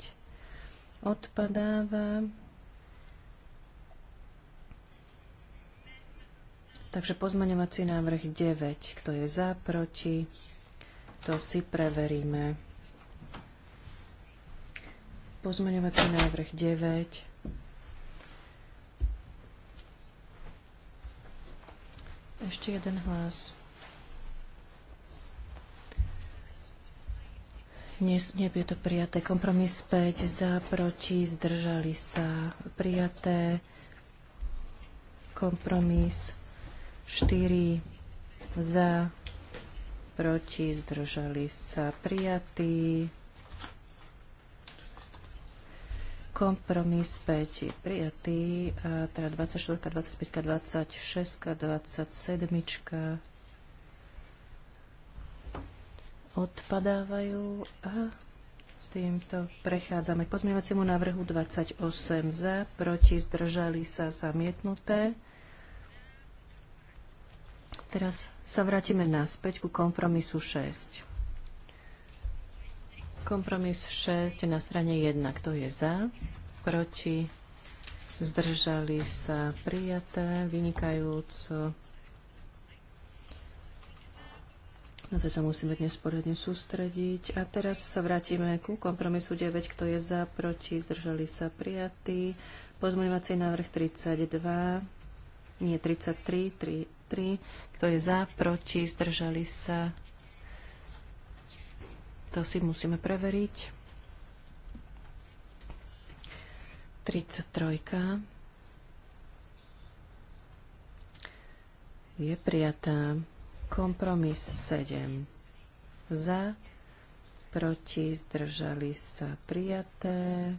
odpadáva. Takže pozmaňovací návrh 9. Kto je za, proti, to si preveríme. Pozmeňovací návrh 9. Ešte jeden hlas. Dnes nie je to prijaté. Kompromis 5 za, proti, zdržali sa. Prijaté. Kompromis 4 za, proti, zdržali sa. Prijatý. Kompromis 5 je prijatý, a teda 24, 25, 26, 27 odpadávajú a týmto prechádzame k pozmeňovaciemu návrhu 28 za, proti zdržali sa zamietnuté. Teraz sa vrátime naspäť ku kompromisu 6. Kompromis 6 na strane 1. Kto je za? Proti? Zdržali sa prijaté, vynikajúco. Na to sa musíme dnes poriadne sústrediť. A teraz sa vrátime ku kompromisu 9. Kto je za? Proti? Zdržali sa prijatí. Pozmeňovací návrh 32. Nie, 33. 3, 3. Kto je za? Proti? Zdržali sa to si musíme preveriť. 33. je prijatá. Kompromis 7. Za, proti, zdržali sa prijaté.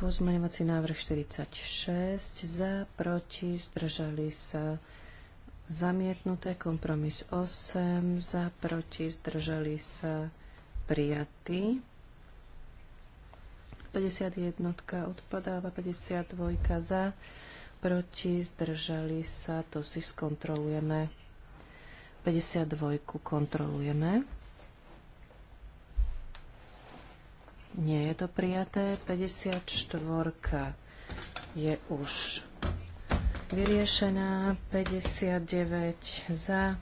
Pozmeňovací návrh 46. Za, proti, zdržali sa prijaté Zamietnuté kompromis 8, za, proti, zdržali sa, prijatý. 51 odpadáva, 52 za, proti, zdržali sa, to si skontrolujeme. 52 kontrolujeme. Nie je to prijaté. 54 je už vyriešená. 59 za,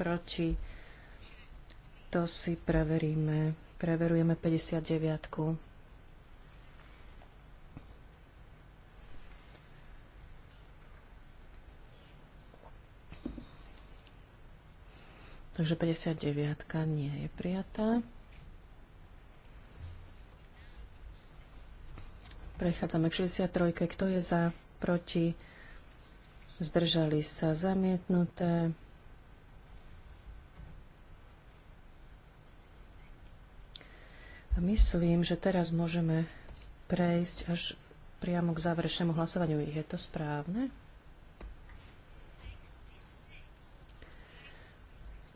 proti. To si preveríme. Preverujeme 59. -ku. Takže 59 nie je prijatá. Prechádzame k 63. Kto je za? Proti? zdržali sa zamietnuté. A myslím, že teraz môžeme prejsť až priamo k záverečnému hlasovaniu. Je to správne?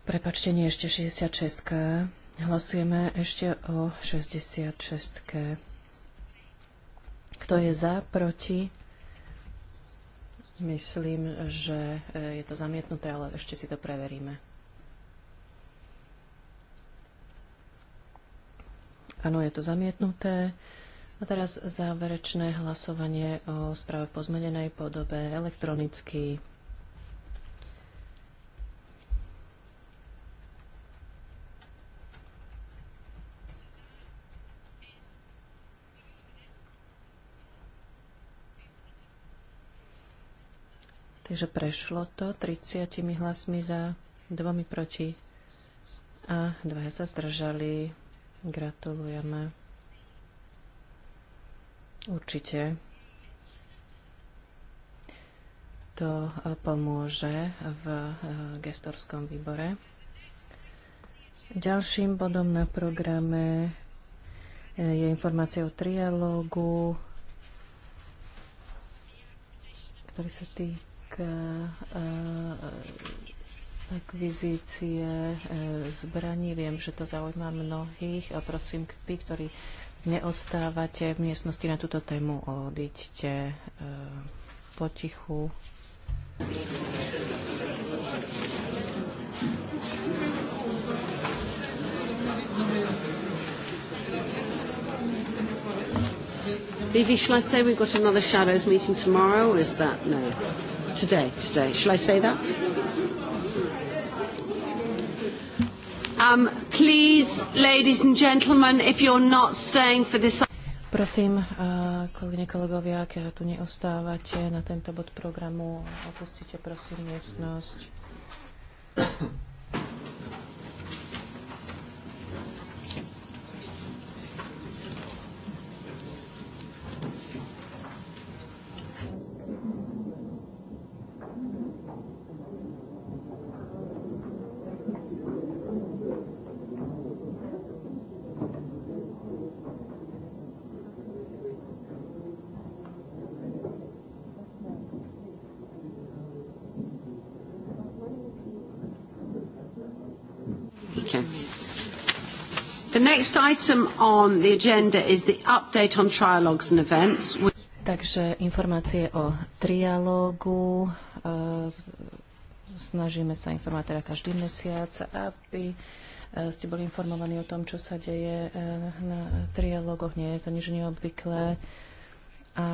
Prepačte, nie ešte 66. Hlasujeme ešte o 66. Kto je za, proti? Myslím, že e, je to zamietnuté, ale ešte si to preveríme. Áno, je to zamietnuté. A teraz záverečné hlasovanie o správe v pozmenenej podobe elektronicky. Takže prešlo to 30 hlasmi za, dvomi proti a dvaja sa zdržali. Gratulujeme. Určite to eh, pomôže v eh, gestorskom výbore. Ďalším bodom na programe eh, je informácia o trialógu, ktorý sa týka akvizície e, e, e, zbraní. Viem, že to zaujíma mnohých a prosím, tí, ktorí neostávate v miestnosti na túto tému, odíďte potichu. Vivi, shall I say we've got another shadows meeting tomorrow? Is that no? today, today. Shall I say that? Um, please, ladies and gentlemen, if you're not staying for this... Prosím, uh, kolegyne, kolegovia, ak tu neostávate na tento bod programu, opustite prosím miestnosť. next item on the agenda is the update on trialogues and events. Takže informácie o trialógu. E, snažíme sa informovať teda každý mesiac, aby e, ste boli informovaní o tom, čo sa deje e, na trialógoch. Nie je to nič neobvyklé. A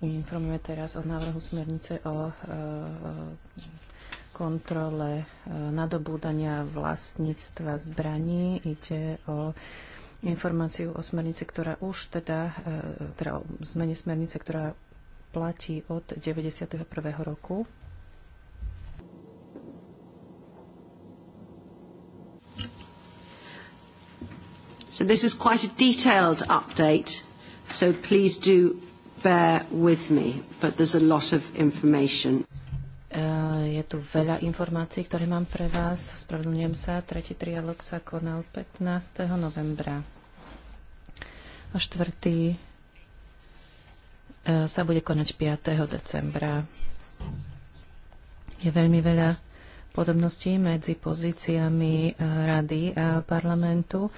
informujeme teraz o návrhu smernice o kontrole e, nadobúdania vlastníctva zbraní. Ide o informáciu o smernici, ktorá už teda, e, teda o zmene smernice, ktorá platí od 91. roku. So this is quite a detailed update, so please do bear with me, but there's a lot of information. Je tu veľa informácií, ktoré mám pre vás. Spravedlňujem sa. Tretí trialog sa konal 15. novembra. A štvrtý e, sa bude konať 5. decembra. Je veľmi veľa podobností medzi pozíciami e, rady a parlamentu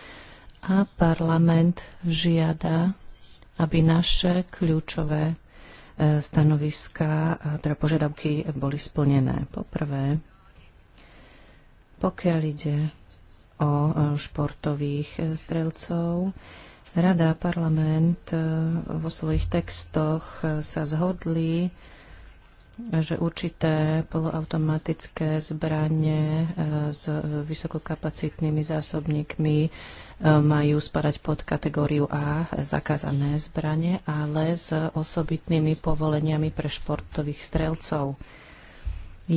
a parlament žiada, aby naše kľúčové stanoviska, teda požiadavky boli splnené. Poprvé, pokiaľ ide o e, športových e, strelcov, Rada a parlament e, vo svojich textoch sa zhodli že určité poloautomatické zbranie e, s vysokokapacitnými zásobníkmi e, majú spadať pod kategóriu A, zakázané zbranie, ale s osobitnými povoleniami pre športových strelcov.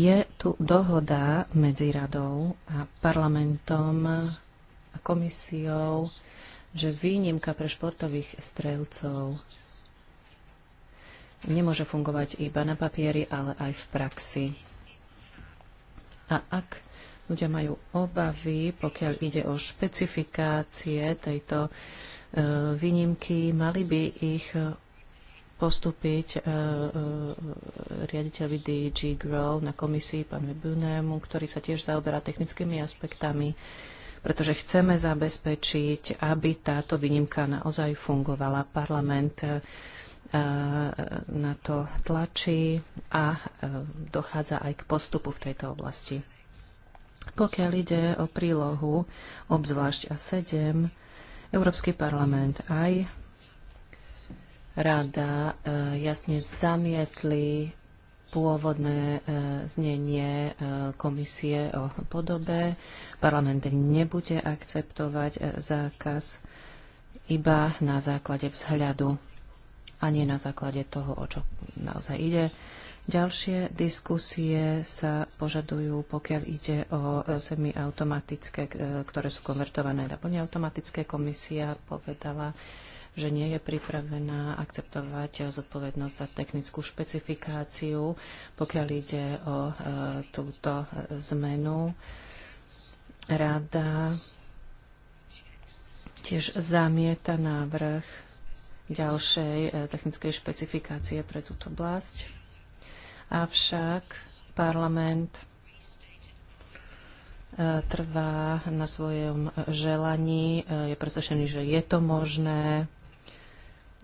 Je tu dohoda medzi radou a parlamentom a komisiou, že výnimka pre športových strelcov nemôže fungovať iba na papieri, ale aj v praxi. A ak ľudia majú obavy, pokiaľ ide o špecifikácie tejto e, výnimky, mali by ich e, postúpiť e, riaditeľovi DG Grow na komisii pánu Bunému, ktorý sa tiež zaoberá technickými aspektami, pretože chceme zabezpečiť, aby táto výnimka naozaj fungovala. Parlament E, na to tlačí a e, dochádza aj k postupu v tejto oblasti. Pokiaľ ide o prílohu, obzvlášť a 7, Európsky parlament aj rada e, jasne zamietli pôvodné znenie komisie o podobe. Parlament nebude akceptovať zákaz iba na základe vzhľadu a nie na základe toho, o čo naozaj ide. Ďalšie diskusie sa požadujú, pokiaľ ide o e, semiautomatické, e, ktoré sú konvertované na plneautomatické. Komisia povedala, že nie je pripravená akceptovať e, zodpovednosť za technickú špecifikáciu, pokiaľ ide o túto zmenu. Rada tiež zamieta návrh ďalšej e, technickej špecifikácie pre túto oblasť. Avšak parlament e, trvá na svojom želaní, e, je presvedčený, že je to možné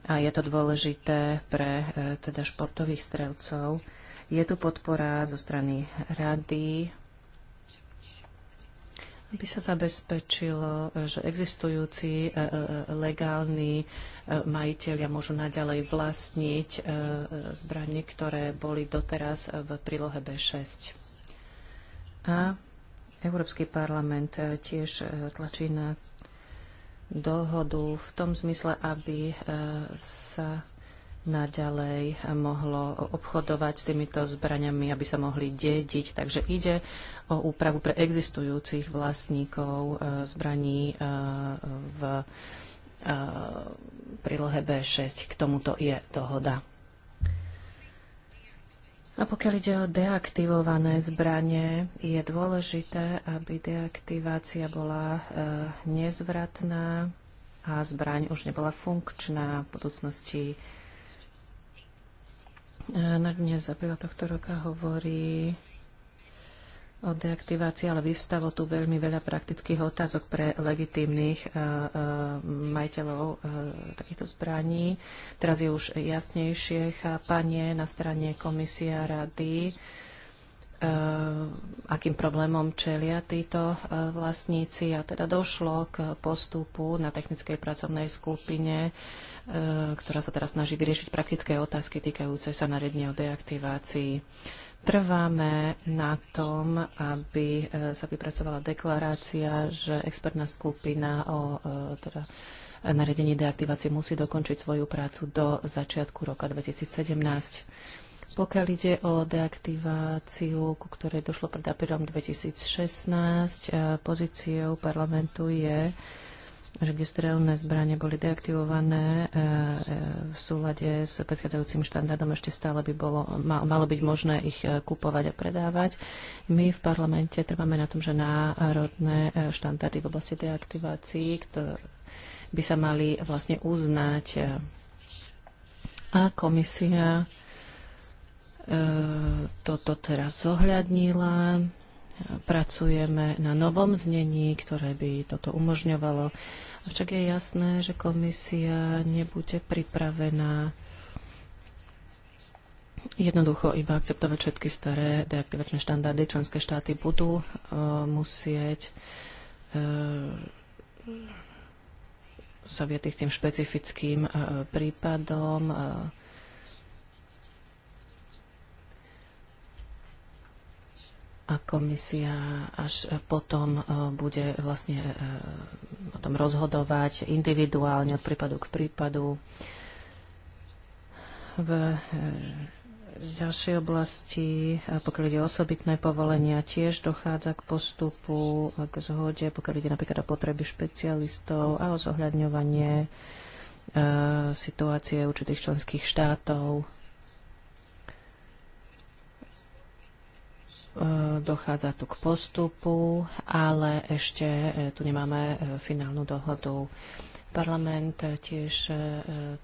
a je to dôležité pre teda športových strelcov. Je tu podpora zo strany rady aby sa zabezpečilo, že existujúci e, e, e, legálni majiteľia môžu naďalej vlastniť zbranie, ktoré boli doteraz v prílohe B6. A Európsky parlament tiež tlačí na dohodu v tom zmysle, aby sa naďalej mohlo obchodovať s týmito zbraniami, aby sa mohli dediť. Takže ide o úpravu pre existujúcich vlastníkov e, zbraní e, v e, prílohe B6. K tomuto je dohoda. A pokiaľ ide o deaktivované zbranie, je dôležité, aby deaktivácia bola nezvratná a zbraň už nebola funkčná v budúcnosti na dnes apríla tohto roka hovorí o deaktivácii, ale vyvstalo tu veľmi veľa praktických otázok pre legitímnych eh, eh, majiteľov eh, takýchto zbraní. Teraz je už jasnejšie chápanie na strane komisia rady, akým problémom čelia títo vlastníci. A teda došlo k postupu na technickej pracovnej skupine E, ktorá sa teraz snaží vyriešiť praktické otázky týkajúce sa nariadenia o deaktivácii. Trváme na tom, aby e, sa vypracovala deklarácia, že expertná skupina o e, teda, nariadení deaktivácie musí dokončiť svoju prácu do začiatku roka 2017. Pokiaľ ide o deaktiváciu, ku ktorej došlo pred aprílom 2016, pozíciou parlamentu je že kde strelné zbranie boli deaktivované e, e, v súlade s predchádzajúcim štandardom, ešte stále by bolo, malo byť možné ich e, kupovať a predávať. My v parlamente trváme na tom, že národné štandardy v oblasti deaktivácií ktoré by sa mali vlastne uznať a komisia toto teraz zohľadnila pracujeme na novom znení, ktoré by toto umožňovalo. Avšak je jasné, že komisia nebude pripravená jednoducho iba akceptovať všetky staré deaktivačné štandardy. Členské štáty budú uh, musieť uh, sa vietiť tým špecifickým uh, prípadom, uh, a komisia až potom e, bude vlastne e, o tom rozhodovať individuálne od prípadu k prípadu. V e, ďalšej oblasti, pokiaľ ide osobitné povolenia, tiež dochádza k postupu, k zhode, pokiaľ ide napríklad o potreby špecialistov a o zohľadňovanie situácie určitých členských štátov E, dochádza tu k postupu, ale ešte e, tu nemáme e, finálnu dohodu. Parlament tiež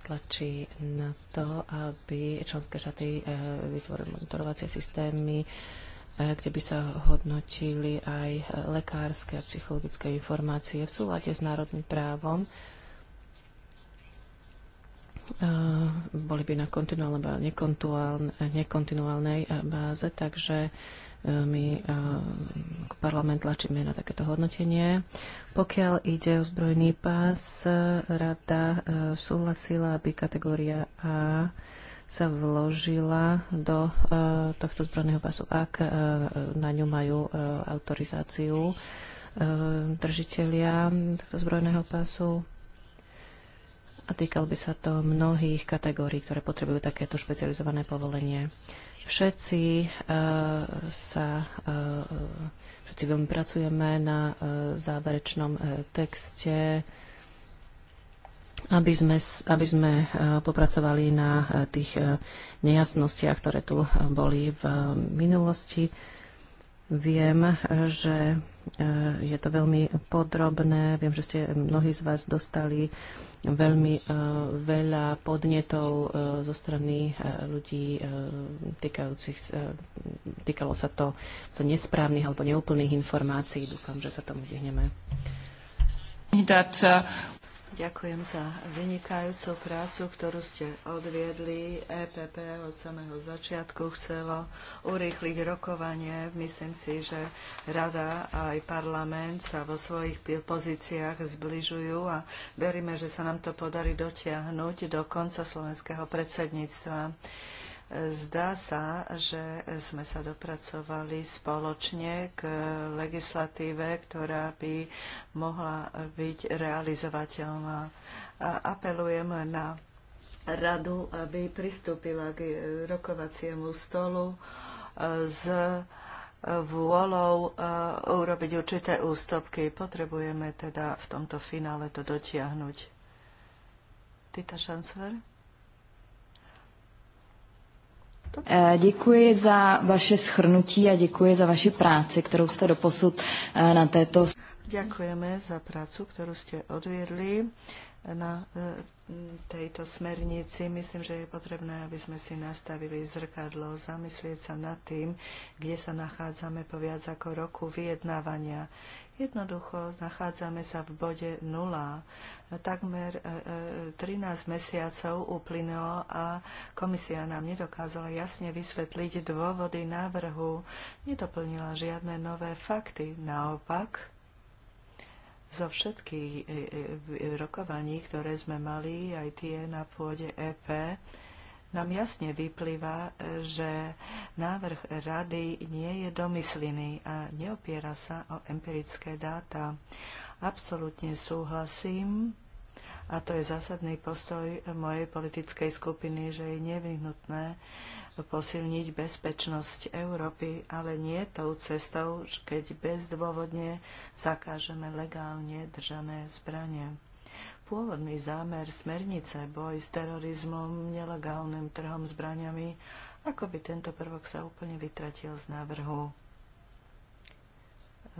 tlačí na to, aby členské štáty vytvorili monitorovacie systémy, kde by sa hodnotili aj lekárske a psychologické informácie v súlade s národným právom. Boli by na kontinuálnej, nekontinuálnej báze, takže E, my e, ako parlament tlačíme na takéto hodnotenie. Pokiaľ ide o zbrojný pás, rada e, súhlasila, aby kategória A sa vložila do tohto zbrojného pásu, ak na ňu majú autorizáciu držiteľia tohto zbrojného pásu a týkal by sa to mnohých kategórií, ktoré potrebujú takéto špecializované povolenie. Všetci eh, sa eh, všetci veľmi pracujeme na eh, záverečnom texte aby sme, aby sme popracovali na tých nejasnostiach, ktoré tu boli v minulosti. Viem, že e, je to veľmi podrobné. Viem, že ste mnohí z vás dostali veľmi e, veľa podnetov e, zo strany ľudí týkajúcich, týkalo sa to sa nesprávnych alebo neúplných informácií. Dúfam, že sa tomu vyhneme. That, uh, Ďakujem za vynikajúcu prácu, ktorú ste odviedli. EPP od samého začiatku chcelo urýchliť rokovanie. Myslím si, že Rada a aj parlament sa vo svojich pozíciách zbližujú a veríme, že sa nám to podarí dotiahnuť do konca slovenského predsedníctva. Zdá sa, že sme sa dopracovali spoločne k legislatíve, ktorá by mohla byť realizovateľná. Apelujem na radu, aby pristúpila k rokovaciemu stolu e, s vôľou e, urobiť určité ústupky. Potrebujeme teda v tomto finále to dotiahnuť. Tita Šancler? Eh, děkuji za vaše schrnutí a děkuji za vaši práci, kterou jste doposud eh, na této... Ďakujeme za prácu, ktorú ste odviedli na eh, tejto smernici. Myslím, že je potrebné, aby sme si nastavili zrkadlo, zamyslieť sa nad tým, kde sa nachádzame po viac ako roku vyjednávania. Jednoducho nachádzame sa v bode nula. Takmer 13 e, e, mesiacov uplynulo a komisia nám nedokázala jasne vysvetliť dôvody návrhu, nedoplnila žiadne nové fakty. Naopak, zo všetkých e, rokovaní, ktoré sme mali, aj tie na pôde EP, nám jasne vyplýva, že návrh rady nie je domyslený a neopiera sa o empirické dáta. Absolutne súhlasím, a to je zásadný postoj mojej politickej skupiny, že je nevyhnutné posilniť bezpečnosť Európy, ale nie tou cestou, keď bezdôvodne zakážeme legálne držané zbranie pôvodný zámer smernice boj s terorizmom, nelegálnym trhom zbraniami, ako by tento prvok sa úplne vytratil z návrhu.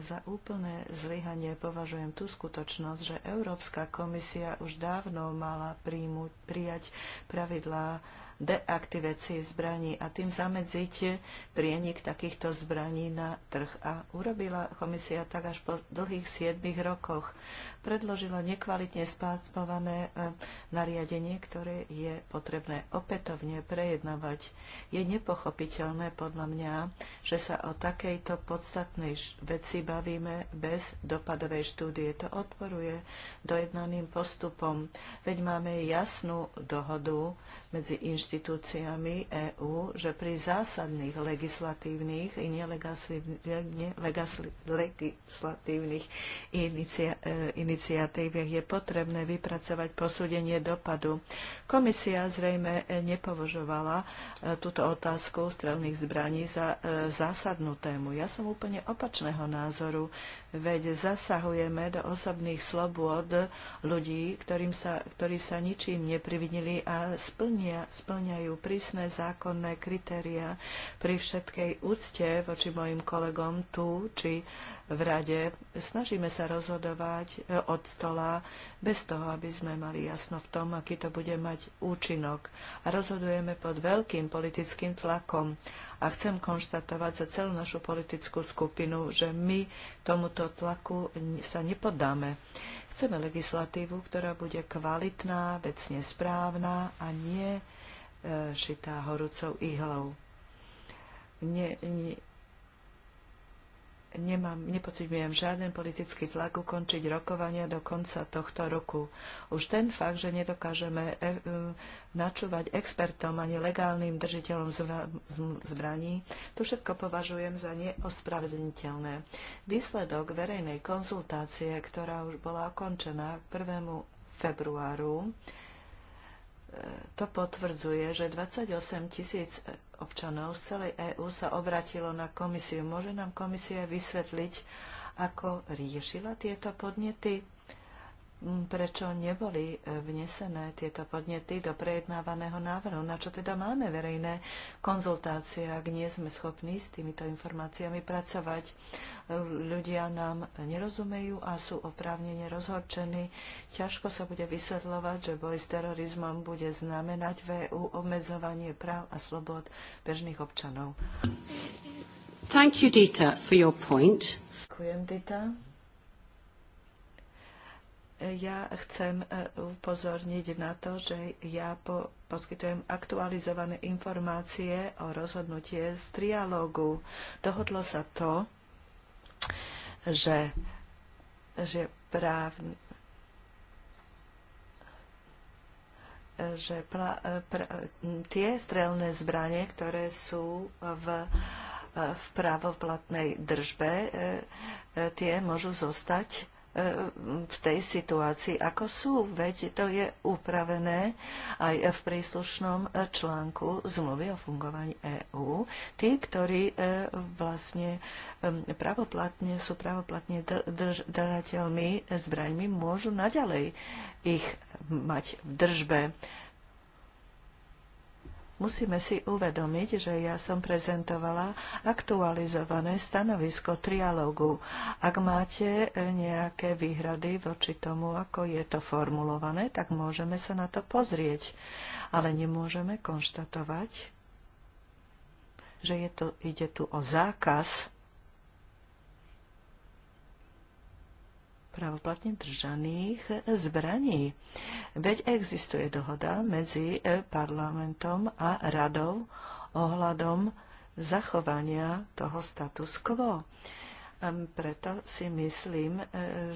Za úplné zlyhanie považujem tú skutočnosť, že Európska komisia už dávno mala príjmu, prijať pravidlá deaktivácie zbraní a tým zamedziť prienik takýchto zbraní na trh. A urobila komisia tak až po dlhých 7 rokoch. Predložila nekvalitne spácpované e, nariadenie, ktoré je potrebné opätovne prejednavať. Je nepochopiteľné podľa mňa, že sa o takejto podstatnej veci bavíme bez dopadovej štúdie. To odporuje dojednaným postupom. Veď máme jasnú dohodu, medzi inštitúciami EÚ, že pri zásadných legislatívnych i nelegislatívnych eh, iniciatívach je potrebné vypracovať posúdenie dopadu. Komisia zrejme nepovožovala eh, túto otázku strelných zbraní za eh, zásadnú tému. Ja som úplne opačného názoru veď zasahujeme do osobných slobôd ľudí, ktorým sa, ktorí sa ničím neprivinili a splnia, splňajú prísne zákonné kritéria pri všetkej úcte voči mojim kolegom tu či v rade. Snažíme sa rozhodovať e, od stola bez toho, aby sme mali jasno v tom, aký to bude mať účinok. A rozhodujeme pod veľkým politickým tlakom. A chcem konštatovať za celú našu politickú skupinu, že my tomuto tlaku sa nepodáme. Chceme legislatívu, ktorá bude kvalitná, vecne správna a nie e, šitá horúcou ihlou. Nie, nie, nemám, nepociťujem žiaden politický tlak ukončiť rokovania do konca tohto roku. Už ten fakt, že nedokážeme e, e, načúvať expertom ani legálnym držiteľom zbraní, to všetko považujem za neospravedlniteľné. Výsledok verejnej konzultácie, ktorá už bola ukončená k 1. februáru, e, to potvrdzuje, že 28 tisíc občanov z celej EÚ sa obratilo na komisiu. Môže nám komisia vysvetliť, ako riešila tieto podnety? Mm, prečo neboli e, vnesené tieto podnety do prejednávaného návrhu, na čo teda máme verejné konzultácie, ak nie sme schopní s týmito informáciami pracovať. Ľudia nám nerozumejú a sú oprávnene rozhorčení. Ťažko sa bude vysvetľovať, že boj s terorizmom bude znamenať VU e obmedzovanie práv a slobod bežných občanov. Thank you, Dita, for your point. Ďakujem, Dita ja chcem e, upozorniť na to, že ja po, poskytujem aktualizované informácie o rozhodnutie z trialógu. Dohodlo sa to, že, že právne že pra, e, pra, tie strelné zbranie, ktoré sú v, e, v právoplatnej držbe, tie môžu zostať v tej situácii, ako sú. Veď to je upravené aj v príslušnom článku zmluvy o fungovaní EÚ. Tí, ktorí e, vlastne pravoplatne, sú pravoplatne držateľmi zbraňmi, môžu naďalej ich mať v držbe Musíme si uvedomiť, že ja som prezentovala aktualizované stanovisko trialógu. Ak máte e, nejaké výhrady voči tomu, ako je to formulované, tak môžeme sa na to pozrieť. Ale nemôžeme konštatovať, že je to, ide tu o zákaz pravoplatne držaných zbraní. Veď existuje dohoda medzi e, parlamentom a radou ohľadom zachovania toho status quo. Preto si myslím, e,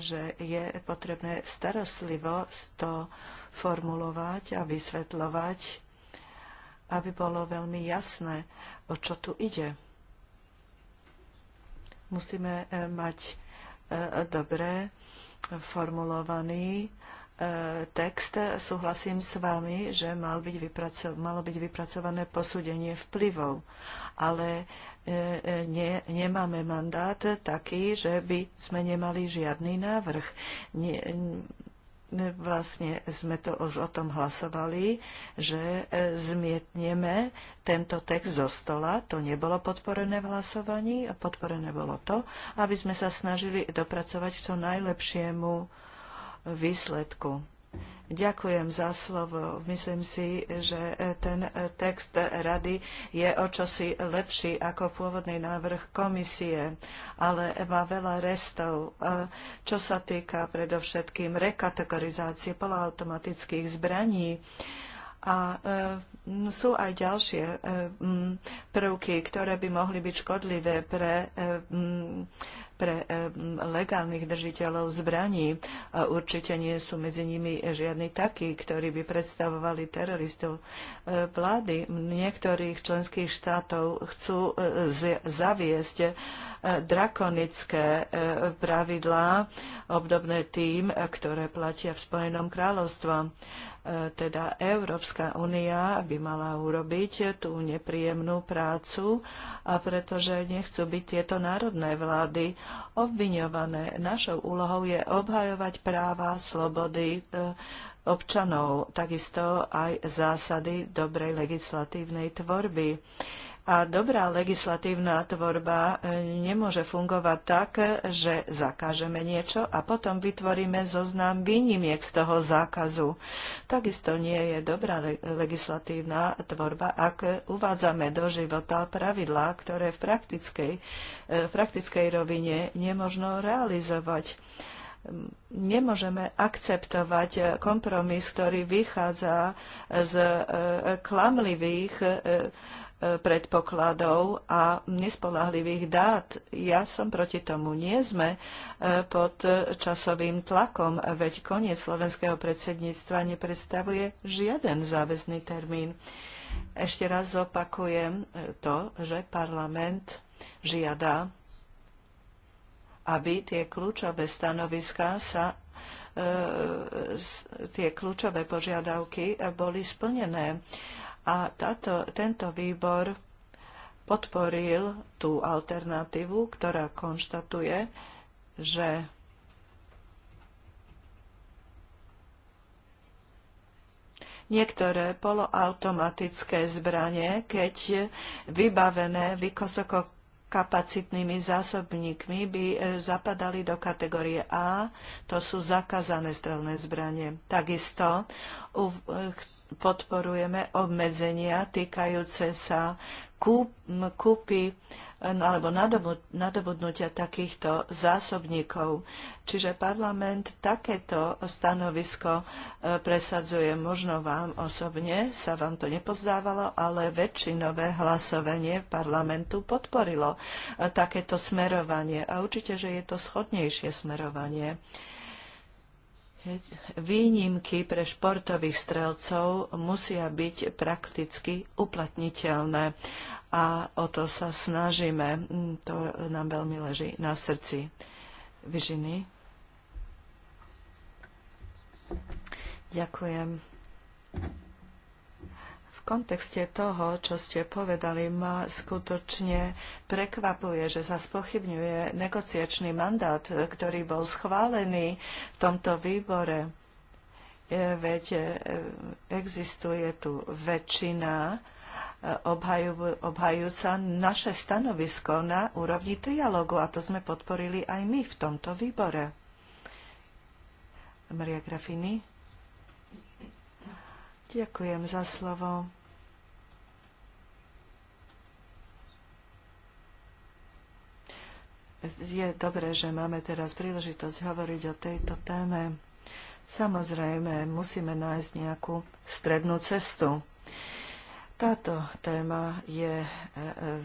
že je potrebné starostlivo to formulovať a vysvetľovať, aby bolo veľmi jasné, o čo tu ide. Musíme e, mať dobre formulovaný e, text. Súhlasím s vami, že mal byť vypraco- malo byť vypracované posúdenie vplyvov, ale e, e, nie, nemáme mandát taký, že by sme nemali žiadny návrh. Nie, vlastne sme to už o tom hlasovali, že e, zmietneme tento text zo stola. To nebolo podporené v hlasovaní podporené bolo to, aby sme sa snažili dopracovať čo najlepšiemu výsledku. Ďakujem za slovo. Myslím si, že e, ten e, text rady je o čosi lepší ako pôvodný návrh komisie, ale má veľa restov, e, čo sa týka predovšetkým rekategorizácie poloautomatických zbraní. A sú aj ďalšie prvky, ktoré by mohli byť škodlivé pre pre eh, legálnych držiteľov zbraní. A eh, určite nie sú medzi nimi žiadni takí, ktorí by predstavovali teroristov. Eh, vlády niektorých členských štátov chcú zaviesť drakonické pravidlá, obdobné tým, ktoré platia v Spojenom kráľovstve teda Európska únia by mala urobiť tú nepríjemnú prácu a pretože nechcú byť tieto národné vlády obviňované. Našou úlohou je obhajovať práva, slobody eh, občanov, takisto aj zásady dobrej legislatívnej tvorby a dobrá legislatívna tvorba e, nemôže fungovať tak, že zakážeme niečo a potom vytvoríme zoznam výnimiek z toho zákazu. Takisto nie je dobrá legislatívna tvorba, ak uvádzame do života pravidlá, ktoré v praktickej, e, v praktickej rovine nemožno realizovať nemôžeme akceptovať kompromis, ktorý vychádza z e, klamlivých predpokladov a nespolahlivých dát. Ja som proti tomu. Nie sme e, pod časovým tlakom, veď koniec slovenského predsedníctva nepredstavuje žiaden záväzný termín. Ešte raz zopakujem e, to, že parlament žiada, aby tie kľúčové stanoviská sa e, tie kľúčové požiadavky boli splnené. A táto, tento výbor podporil tú alternatívu, ktorá konštatuje, že niektoré poloautomatické zbranie, keď vybavené vysokokapacitnými kapacitnými zásobníkmi by e, zapadali do kategórie A, to sú zakázané strelné zbranie. Takisto e, podporujeme obmedzenia týkajúce sa kúp, kúpy alebo nadobudnutia takýchto zásobníkov. Čiže parlament takéto stanovisko e, presadzuje. Možno vám osobne sa vám to nepozdávalo, ale väčšinové hlasovanie parlamentu podporilo e, takéto smerovanie. A určite, že je to schodnejšie smerovanie. Výnimky pre športových strelcov musia byť prakticky uplatniteľné a o to sa snažíme. Mm, to nám veľmi leží na srdci. Vyžiny. Ďakujem kontexte toho, čo ste povedali, ma skutočne prekvapuje, že sa spochybňuje negociačný mandát, ktorý bol schválený v tomto výbore. E, veď e, existuje tu väčšina e, obhajujúca naše stanovisko na úrovni trialógu a to sme podporili aj my v tomto výbore. Maria Grafini. Ďakujem za slovo. Je dobré, že máme teraz príležitosť hovoriť o tejto téme. Samozrejme, musíme nájsť nejakú strednú cestu. Táto téma je e, e,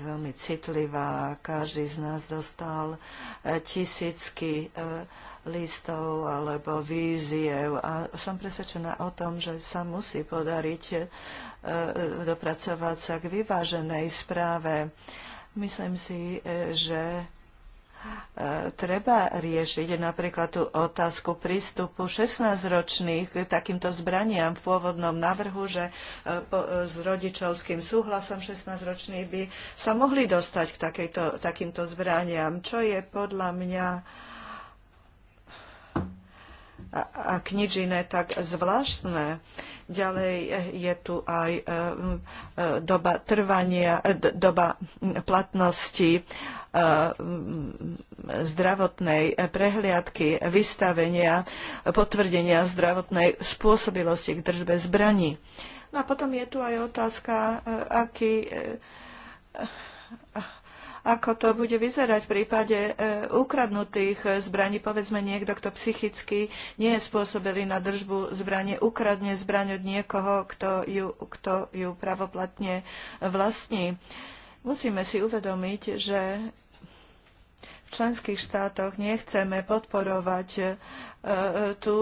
veľmi citlivá. Každý z nás dostal e, tisícky listov alebo víziev. A som presvedčená o tom, že sa musí podariť e, e, dopracovať sa k vyváženej správe. Myslím si, e, že treba riešiť napríklad tú otázku prístupu 16-ročných k takýmto zbraniam v pôvodnom navrhu, že s rodičovským súhlasom 16 ročných by sa mohli dostať k takejto, takýmto zbraniam, čo je podľa mňa ak nič iné, tak zvláštne. Ďalej je tu aj e, e, doba trvania, e, doba platnosti zdravotnej prehliadky, vystavenia, potvrdenia zdravotnej spôsobilosti k držbe zbraní. No a potom je tu aj otázka, aký ako to bude vyzerať v prípade e, ukradnutých zbraní. Povedzme niekto, kto psychicky nie je spôsobilý na držbu zbranie, ukradne zbraň od niekoho, kto ju, kto ju pravoplatne vlastní. Musíme si uvedomiť, že v členských štátoch nechceme podporovať e, tu,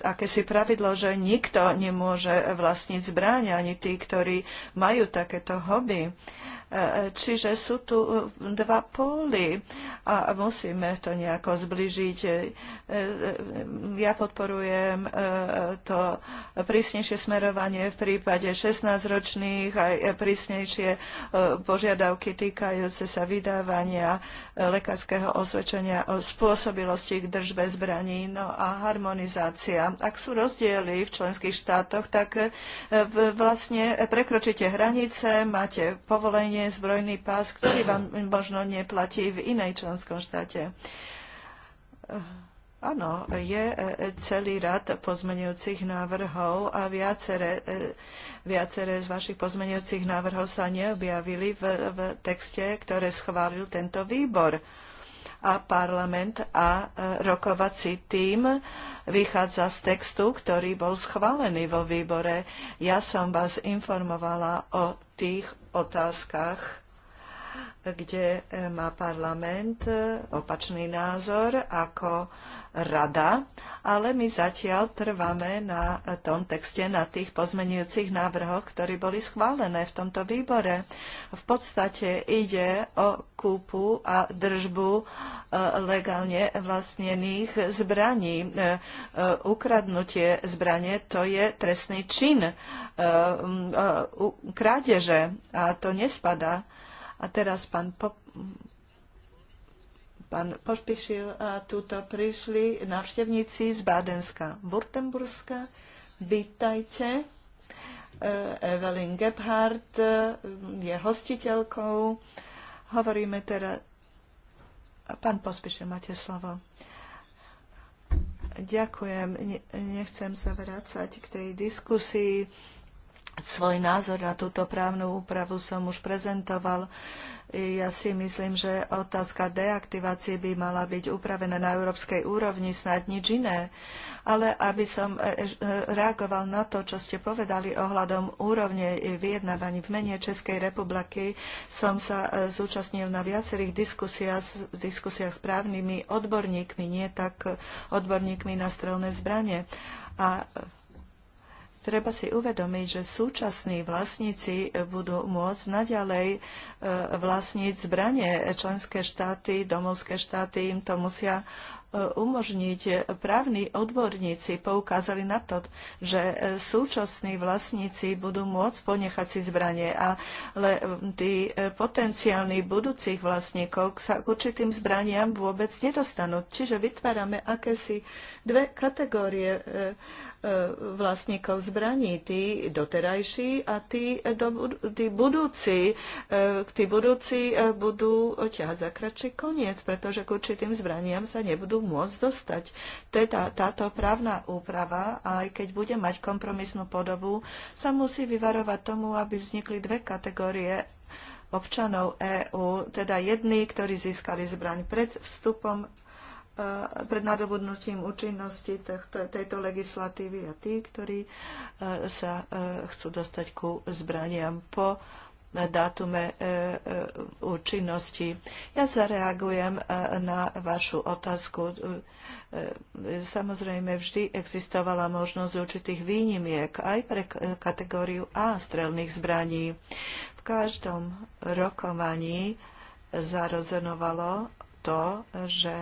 akési pravidlo, že nikto nemôže vlastniť zbraň, ani tí, ktorí majú takéto hobby. Čiže sú tu e, dva póly a musíme to nejako zbližiť. E, e, ja podporujem to prísnejšie smerovanie v prípade 16-ročných, aj prísnejšie požiadavky týkajúce sa vydávania lekárskeho osvedčenia o spôsobilosti k držbe zbraní no a harmonizácia. Ak sú rozdiely v členských štátoch, tak e, vlastne prekročíte hranice, máte povolenie, zbrojný pás, ktorý vám možno neplatí v inej členskom štáte. Áno, je e, celý rad pozmenujúcich návrhov a viaceré, e, viacere z vašich pozmeňujúcich návrhov sa neobjavili v, v texte, ktoré schválil tento výbor. A parlament a e, rokovací tým vychádza z textu, ktorý bol schválený vo výbore. Ja som vás informovala o tých otázkach, kde má parlament opačný názor ako rada, ale my zatiaľ trváme na tom texte, na tých pozmenujúcich návrhoch, ktorí boli schválené v tomto výbore. V podstate ide o kúpu a držbu e, legálne vlastnených zbraní. E, e, ukradnutie zbranie to je trestný čin krádeže a to nespada. A teraz pán Pop- pán Pošpišil a tuto prišli návštevníci z Bádenska, Württemberska. Vítajte. E, Evelyn Gebhardt e, je hostiteľkou. Hovoríme teda... Pán Pospišil, máte slovo. Ďakujem. Nechcem sa vrácať k tej diskusii svoj názor na túto právnu úpravu som už prezentoval. Ja si myslím, že otázka deaktivácie by mala byť upravená na európskej úrovni, snad nič iné. Ale aby som e, e, reagoval na to, čo ste povedali ohľadom úrovne vyjednávaní v mene Českej republiky, som sa e, zúčastnil na viacerých diskusiách, diskusiách s právnymi odborníkmi, nie tak odborníkmi na strelné zbranie. A Treba si uvedomiť, že súčasní vlastníci budú môcť naďalej e, vlastniť zbranie. Členské štáty, domovské štáty im to musia e, umožniť. Právni odborníci poukázali na to, že e, súčasní vlastníci budú môcť ponechať si zbranie, ale tí potenciálni budúcich vlastníkov sa k určitým zbraniam vôbec nedostanú. Čiže vytvárame akési dve kategórie e, e, vlastníkov zbraní, tí doterajší a tí, do, tí budúci. E, tí budúci budú ťahať za kratší koniec, pretože k určitým zbraniam sa nebudú môcť dostať. Teda táto právna úprava, aj keď bude mať kompromisnú podobu, sa musí vyvarovať tomu, aby vznikli dve kategórie občanov EÚ, teda jedni, ktorí získali zbraň pred vstupom pred nadobudnutím účinnosti tejto legislatívy a tí, ktorí e, sa e, chcú dostať ku zbraniam po dátume e, účinnosti. Ja zareagujem na vašu otázku. Samozrejme, vždy existovala možnosť určitých výnimiek aj pre kategóriu A strelných zbraní. V každom rokovaní zarozenovalo to, že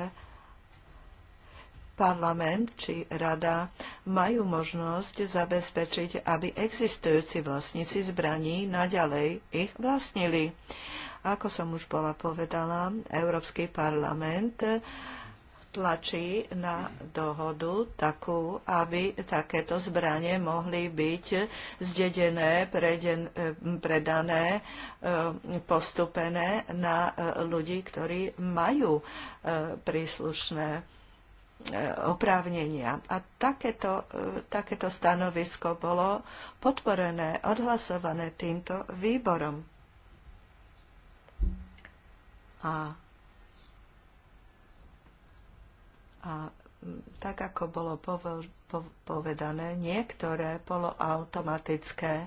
parlament či rada majú možnosť zabezpečiť, aby existujúci vlastníci zbraní naďalej ich vlastnili. Ako som už bola povedala, Európsky parlament tlačí na dohodu takú, aby takéto zbranie mohli byť zdedené, preden, predané, e, postupené na e, ľudí, ktorí majú e, príslušné oprávnenia. A takéto, e, takéto stanovisko bolo podporené, odhlasované týmto výborom. A, a tak ako bolo povedané, niektoré poloautomatické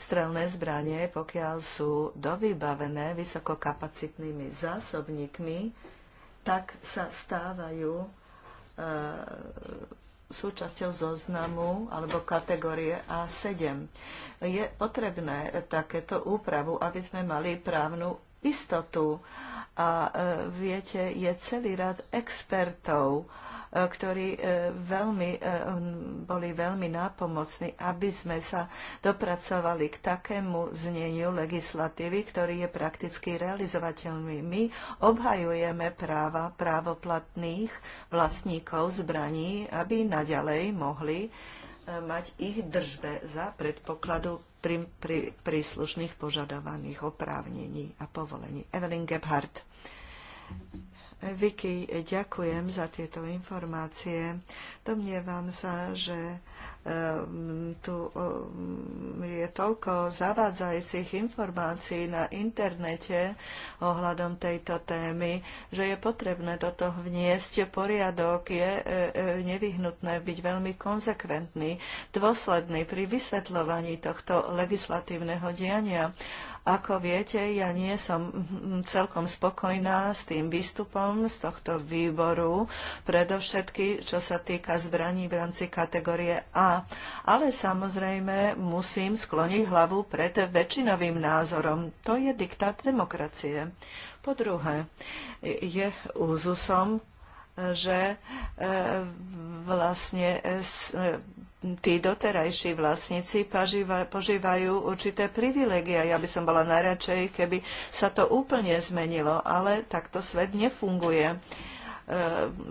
strelné zbranie, pokiaľ sú dovybavené vysokokapacitnými zásobníkmi, tak sa stávajú E, súčasťou zoznamu alebo kategórie A7. Je potrebné takéto úpravu, aby sme mali právnu istotu. A e, viete, je celý rad expertov, ktorí e, veľmi, e, boli veľmi nápomocní, aby sme sa dopracovali k takému zneniu legislatívy, ktorý je prakticky realizovateľný. My obhajujeme práva právoplatných vlastníkov zbraní, aby naďalej mohli e, mať ich držbe za predpokladu pri, pri, príslušných požadovaných oprávnení a povolení. Evelyn Gebhardt. Vicky, ďakujem za tieto informácie. Domnievam sa, že tu je toľko zavádzajúcich informácií na internete ohľadom tejto témy, že je potrebné do toho vniesť poriadok, je e, e, nevyhnutné byť veľmi konzekventný, dôsledný pri vysvetľovaní tohto legislatívneho diania. Ako viete, ja nie som celkom spokojná s tým výstupom z tohto výboru, predovšetky, čo sa týka zbraní v rámci kategórie A ale samozrejme musím skloniť hlavu pred väčšinovým názorom. To je diktát demokracie. Po druhé, je úzusom, že e, vlastne e, e, tí doterajší vlastníci požívajú určité privilegia. Ja by som bola najradšej, keby sa to úplne zmenilo, ale takto svet nefunguje. E,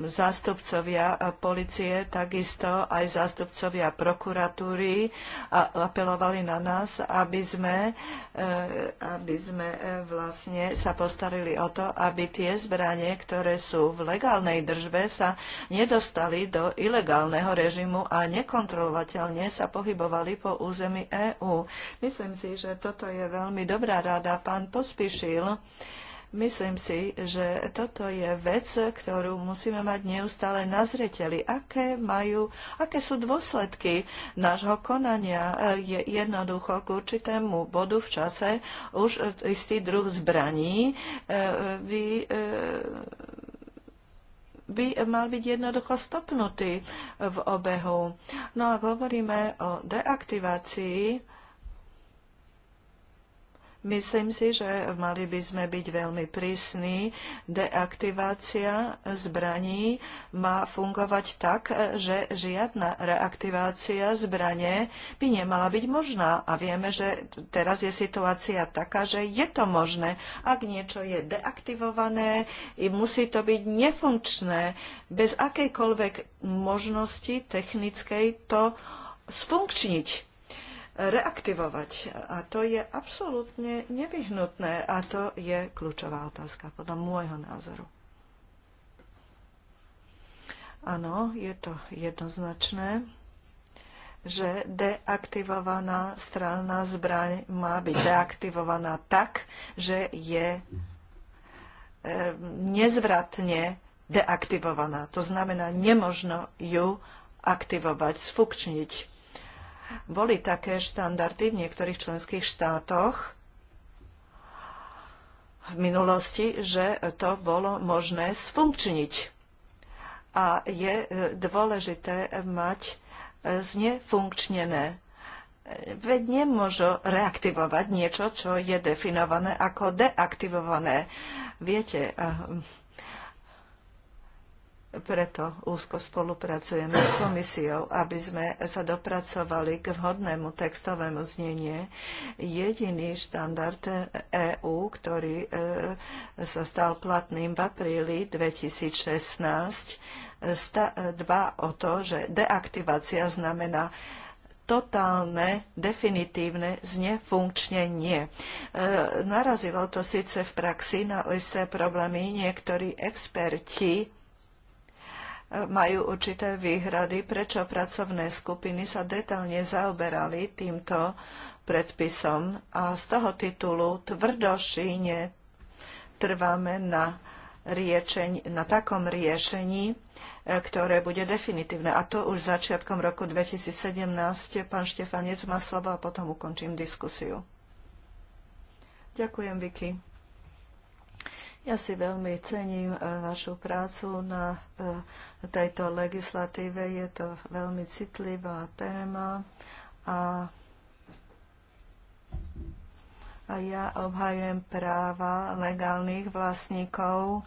zástupcovia policie, takisto aj zástupcovia prokuratúry a apelovali na nás, aby sme, e, aby sme e, vlastne sa postarili o to, aby tie zbranie, ktoré sú v legálnej držbe, sa nedostali do ilegálneho režimu a nekontrolovateľne sa pohybovali po území EÚ. Myslím si, že toto je veľmi dobrá rada. Pán Pospišil, Myslím si, že toto je vec, ktorú musíme mať neustále na zreteli. Aké, majú, aké sú dôsledky nášho konania? Je jednoducho k určitému bodu v čase už istý druh zbraní e, vy, e, by mal byť jednoducho stopnutý v obehu. No a hovoríme o deaktivácii Myslím si, že mali by sme byť veľmi prísni. Deaktivácia zbraní má fungovať tak, že žiadna reaktivácia zbranie by nemala byť možná. A vieme, že teraz je situácia taká, že je to možné. Ak niečo je deaktivované, musí to byť nefunkčné. Bez akejkoľvek možnosti technickej to sfunkčniť reaktivovať. A to je absolútne nevyhnutné a to je kľúčová otázka podľa môjho názoru. Áno, je to jednoznačné, že deaktivovaná strana zbraň má byť deaktivovaná tak, že je e, nezvratne deaktivovaná. To znamená, nemožno ju aktivovať, sfukčniť boli také štandardy v niektorých členských štátoch v minulosti, že to bolo možné sfunkčniť. A je e, dôležité mať e, znefunkčnené Veď nemôžu reaktivovať niečo, čo je definované ako deaktivované. Viete, preto úzko spolupracujeme s komisiou, aby sme sa dopracovali k vhodnému textovému znenie. Jediný štandard EÚ, ktorý e, sa stal platným v apríli 2016, dba o to, že deaktivácia znamená totálne, definitívne znefunkčnenie. E, narazilo to síce v praxi na isté problémy. Niektorí experti majú určité výhrady, prečo pracovné skupiny sa detailne zaoberali týmto predpisom a z toho titulu tvrdošíne trváme na, riečeň, na takom riešení, e, ktoré bude definitívne. A to už začiatkom roku 2017. Pán Štefanec má slovo a potom ukončím diskusiu. Ďakujem, Vicky. Ja si veľmi cením e, vašu prácu na e, tejto legislatíve. Je to veľmi citlivá téma a, a ja obhajem práva legálnych vlastníkov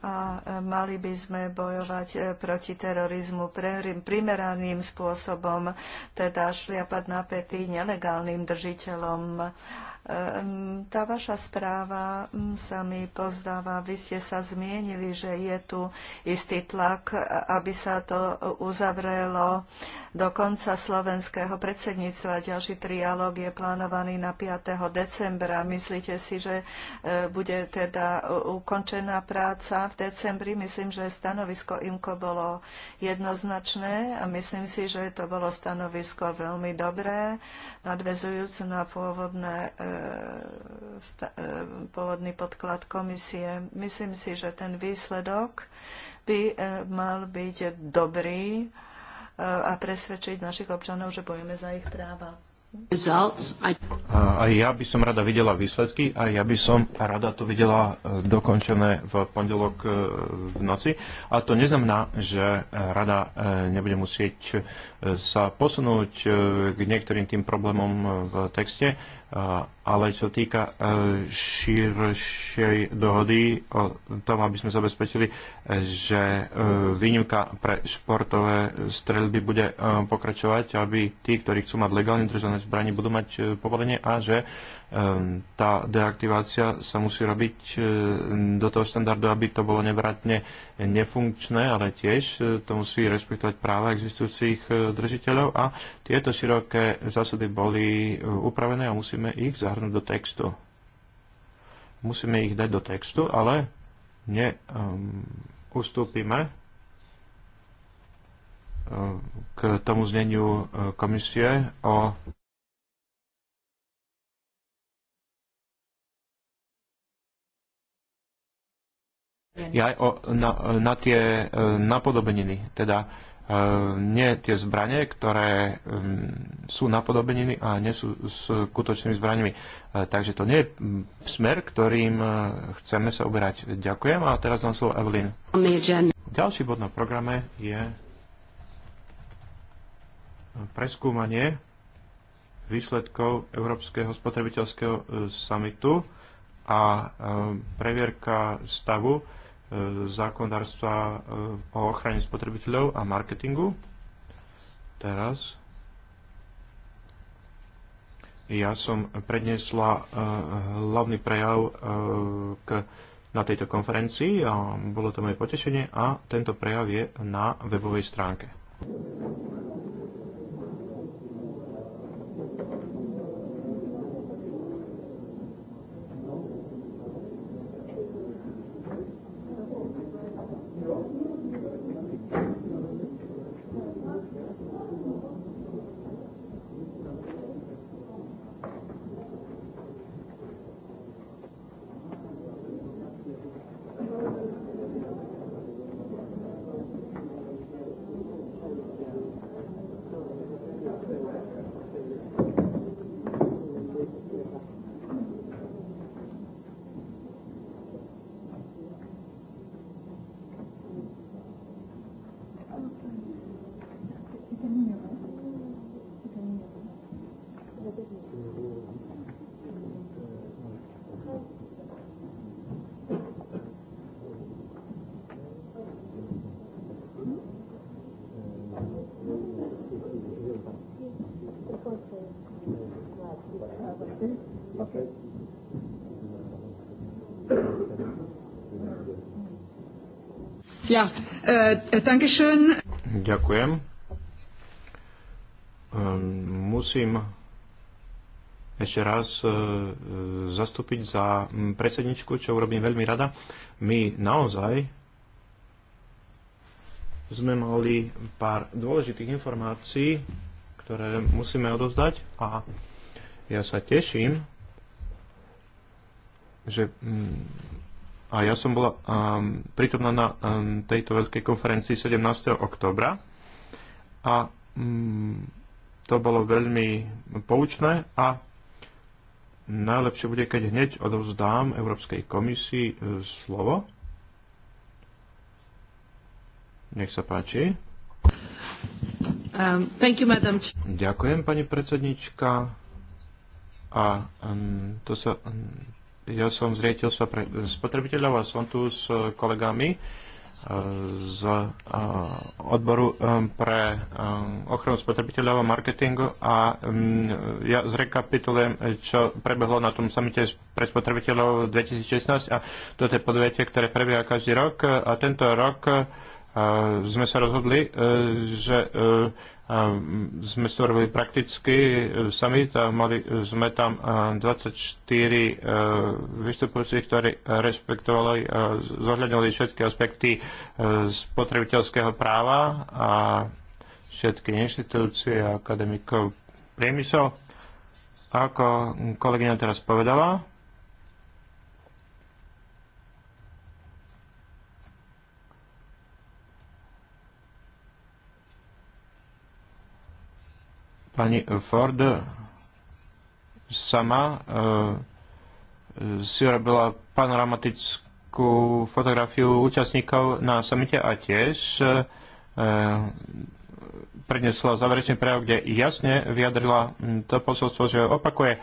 a e, mali by sme bojovať e, proti terorizmu primeraným spôsobom, teda šliapať napätý nelegálnym držiteľom Ehm, tá vaša správa hm, sa mi pozdáva, vy ste sa zmienili, že je tu istý tlak, aby sa to uzavrelo do konca slovenského predsedníctva. Ďalší trialóg je plánovaný na 5. decembra. Myslíte si, že e, bude teda ukončená práca v decembri? Myslím, že stanovisko IMKO bolo jednoznačné a myslím si, že to bolo stanovisko veľmi dobré, nadvezujúce na pôvodné e, E, e, pôvodný podklad komisie. Myslím si, že ten výsledok by e, mal byť dobrý a presvedčiť našich občanov, že bojeme za ich práva. A ja by som rada videla výsledky a ja by som rada to videla dokončené v pondelok v noci. A to neznamená, že rada nebude musieť sa posunúť k niektorým tým problémom v texte, ale čo týka e, širšej dohody o tom, aby sme zabezpečili, e, že e, výnimka pre športové streľby bude pokračovať, aby tí, ktorí chcú mať legálne držané zbranie, budú mať povolenie a že Ehm, tá deaktivácia sa musí robiť e, do toho štandardu, aby to bolo nevratne nefunkčné, ale tiež e, to musí rešpektovať práva existujúcich e, držiteľov a tieto široké zásady boli upravené a musíme ich zahrnúť do textu. Musíme ich dať do textu, ale neustúpime ehm, um, k tomu zneniu komisie o aj o, na, na tie e, napodobeniny, teda e, nie tie zbranie, ktoré mm, sú napodobeniny a nie sú skutočnými zbraniami. E, takže to nie je smer, ktorým chceme sa uberať. Ďakujem a teraz dám slovo Evelyn. Ďalší bod na programe je preskúmanie výsledkov Európskeho spotrebiteľského samitu a previerka stavu zákonodárstva eh, o ochrane spotrebiteľov a marketingu. Teraz ja som predniesla eh, hlavný prejav eh, k, na tejto konferencii a bolo to moje potešenie a tento prejav je na webovej stránke. Eh, eh, Ďakujem. Ehm, musím ešte raz eh, zastúpiť za mm, predsedničku, čo urobím veľmi rada. My naozaj sme mali pár dôležitých informácií, ktoré musíme odovzdať a ja sa teším, že mm, a ja som bola um, prítomná na um, tejto veľkej konferencii 17. oktobra a um, to bolo veľmi poučné a najlepšie bude, keď hneď odovzdám Európskej komisii e, slovo. Nech sa páči. Um, thank you, madam. Ďakujem, pani predsednička. A um, to sa... Um, ja som z riaditeľstva pre spotrebiteľov a som tu s kolegami e, z e, odboru e, pre ochranu spotrebiteľov a marketingu a mm, ja zrekapitulujem, čo prebehlo na tom samite pre spotrebiteľov 2016 a toto je podujatie, ktoré prebieha každý rok a tento rok sme sa rozhodli, e, že e, sme to robili prakticky e, summit a mali sme tam 24 vystupujúcich, ktorí rešpektovali, zohľadnili všetky aspekty spotrebiteľského práva a všetky inštitúcie a akademikov priemysel. Ako kolegyňa teraz povedala, Pani Ford sama e, si robila panoramatickú fotografiu účastníkov na samite a tiež e, prednesla záverečný prejav, kde jasne vyjadrila to posolstvo, že opakuje e,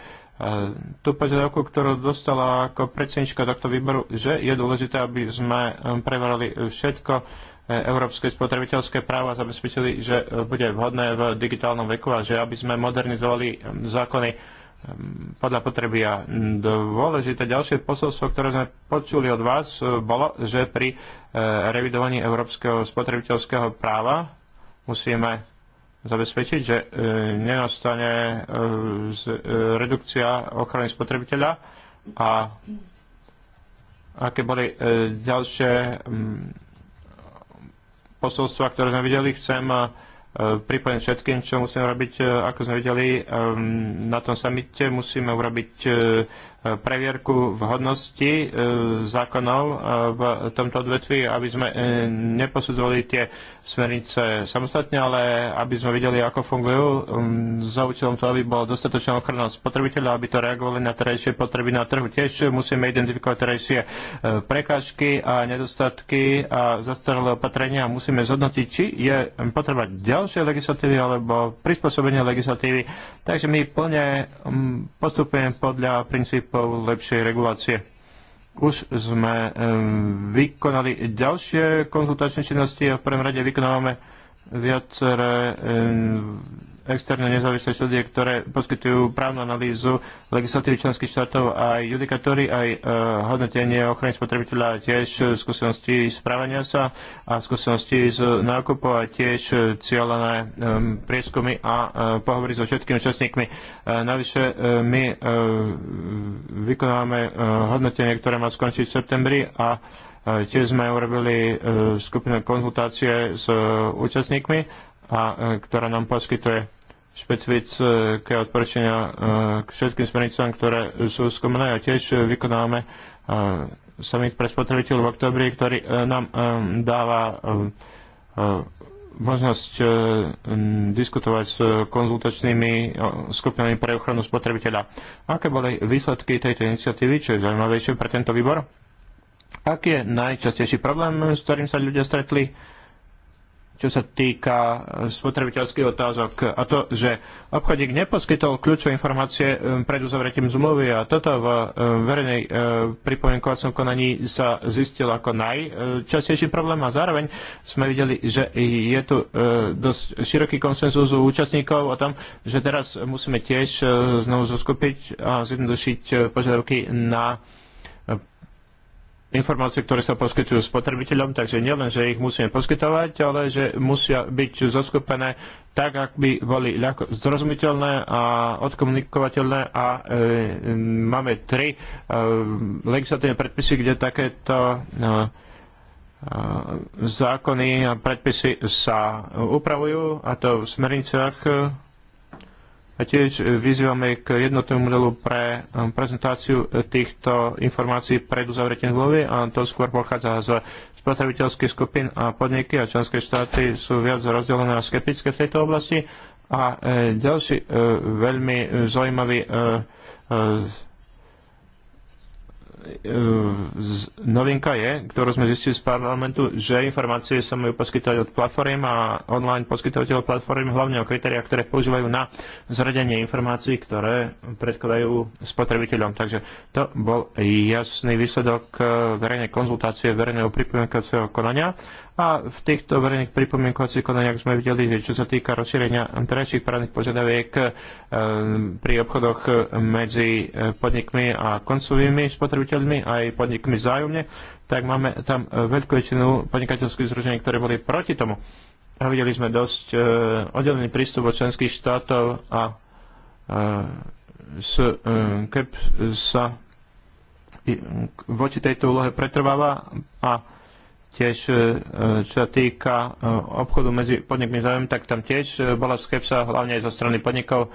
tú požiadavku, ktorú dostala ako predsednička tohto výboru, že je dôležité, aby sme preverali všetko, európske spotrebiteľské práva zabezpečili, že bude vhodné v digitálnom veku a že aby sme modernizovali um, zákony um, podľa potreby. A dôležité ďalšie posolstvo, ktoré sme počuli od vás, uh, bolo, že pri uh, revidovaní európskeho spotrebiteľského práva musíme zabezpečiť, že uh, nenastane redukcia ochrany spotrebiteľa a aké boli ďalšie um, posolstva, ktoré sme videli, chcem e, pripojiť všetkým, čo musíme robiť, e, ako sme videli e, na tom samite, musíme urobiť previerku vhodnosti e, zákonov e, v tomto odvetvi, aby sme e, neposudzovali tie smernice samostatne, ale aby sme videli, ako fungujú um, za účelom toho, aby bola dostatočná ochrana spotrebiteľa, aby to reagovali na terajšie potreby na trhu. Tiež musíme identifikovať terajšie prekážky a nedostatky a zastaralé opatrenia a musíme zhodnotiť, či je potreba ďalšie legislatívy alebo prispôsobenie legislatívy. Takže my plne postupujeme podľa princípu princípov lepšej regulácie. Už sme vykonali ďalšie konzultačné činnosti a v prvom rade vykonávame viaceré externé nezávislé štúdie, ktoré poskytujú právnu analýzu legislatívy členských štátov aj judikatúry, aj e, hodnotenie ochrany spotrebiteľa, tiež skúsenosti správania sa a skúsenosti z nákupov a tiež cieľené prieskumy a e, pohovory so všetkými účastníkmi. E, navyše my vykonávame hodnotenie, ktoré má skončiť v septembri a Tiež sme urobili skupinu konzultácie s účastníkmi, a, ktorá nám poskytuje ke odporučenia e, k všetkým smernicám, ktoré sú skomené a tiež vykonáme e, summit pre spotrebiteľov v oktobri, ktorý e, nám dáva možnosť diskutovať s konzultačnými skupinami pre ochranu spotrebiteľa. Aké boli výsledky tejto iniciatívy, čo je zaujímavejšie pre tento výbor? Aký je najčastejší problém, s ktorým sa ľudia stretli? čo sa týka eh, spotrebiteľských otázok. A to, že obchodník neposkytol kľúčové informácie eh, pred uzavretím zmluvy a toto v eh, verejnej pripomienkovacom konaní sa zistilo ako najčastejší problém a zároveň sme videli, že je tu dosť široký konsenzus u účastníkov o tom, že teraz musíme tiež znovu zoskupiť a zjednodušiť požiadavky na informácie, ktoré sa poskytujú spotrebiteľom, takže nielen, že ich musíme poskytovať, ale že musia byť zoskupené tak, aby boli ľahko zrozumiteľné a odkomunikovateľné a e, máme tri e, legislatívne predpisy, kde takéto e, e zákony a predpisy sa upravujú, a to v smerniciach a tiež vyzývame k jednotnému modelu pre um, prezentáciu týchto informácií pred uzavretím zmluvy a to skôr pochádza z spotrebiteľských skupín a podniky a členské štáty sú viac rozdelené a skeptické v tejto oblasti. A e, ďalší e, veľmi e, zaujímavý novinka je, ktorú sme zistili z parlamentu, že informácie sa majú poskytovať od platform a online poskytovateľov platform, hlavne o kritériách, ktoré používajú na zradenie informácií, ktoré predkladajú spotrebiteľom. Takže to bol jasný výsledok eh, verejnej konzultácie, verejného pripomienkovacieho konania a v týchto verejných pripomienkovacích konaniach sme videli, že čo sa týka rozšírenia terajších právnych požiadaviek e, pri obchodoch medzi e, podnikmi a koncovými spotrebiteľmi aj podnikmi zájomne, tak máme tam veľkú väčšinu podnikateľských zružení, ktoré boli proti tomu. A videli sme dosť e, oddelený prístup od členských štátov a s, keb sa voči tejto úlohe pretrváva a Tiež e, čo sa týka e, obchodu medzi podnikmi záujem, tak tam tiež e, bola skepsa hlavne aj zo strany podnikov,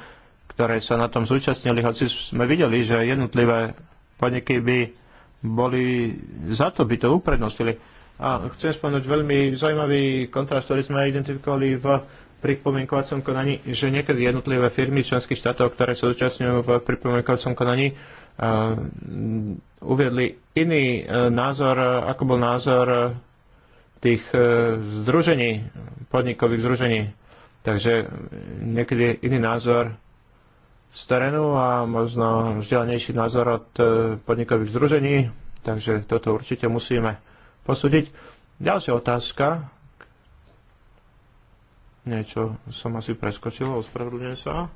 ktoré sa na tom zúčastnili, hoci sme videli, že jednotlivé podniky by boli za to, by to uprednostili. A chcem spomenúť veľmi zaujímavý kontrast, ktorý sme identifikovali v pripomienkovacom konaní, že niekedy jednotlivé firmy členských štátov, ktoré sa zúčastňujú v pripomienkovacom konaní, uh, uviedli iný uh, názor, ako bol názor tých e, združení, podnikových združení. Takže niekedy iný názor z terénu a možno vzdelanejší názor od e, podnikových združení, takže toto určite musíme posúdiť. Ďalšia otázka. Niečo som asi preskočil, ospravedlňujem sa.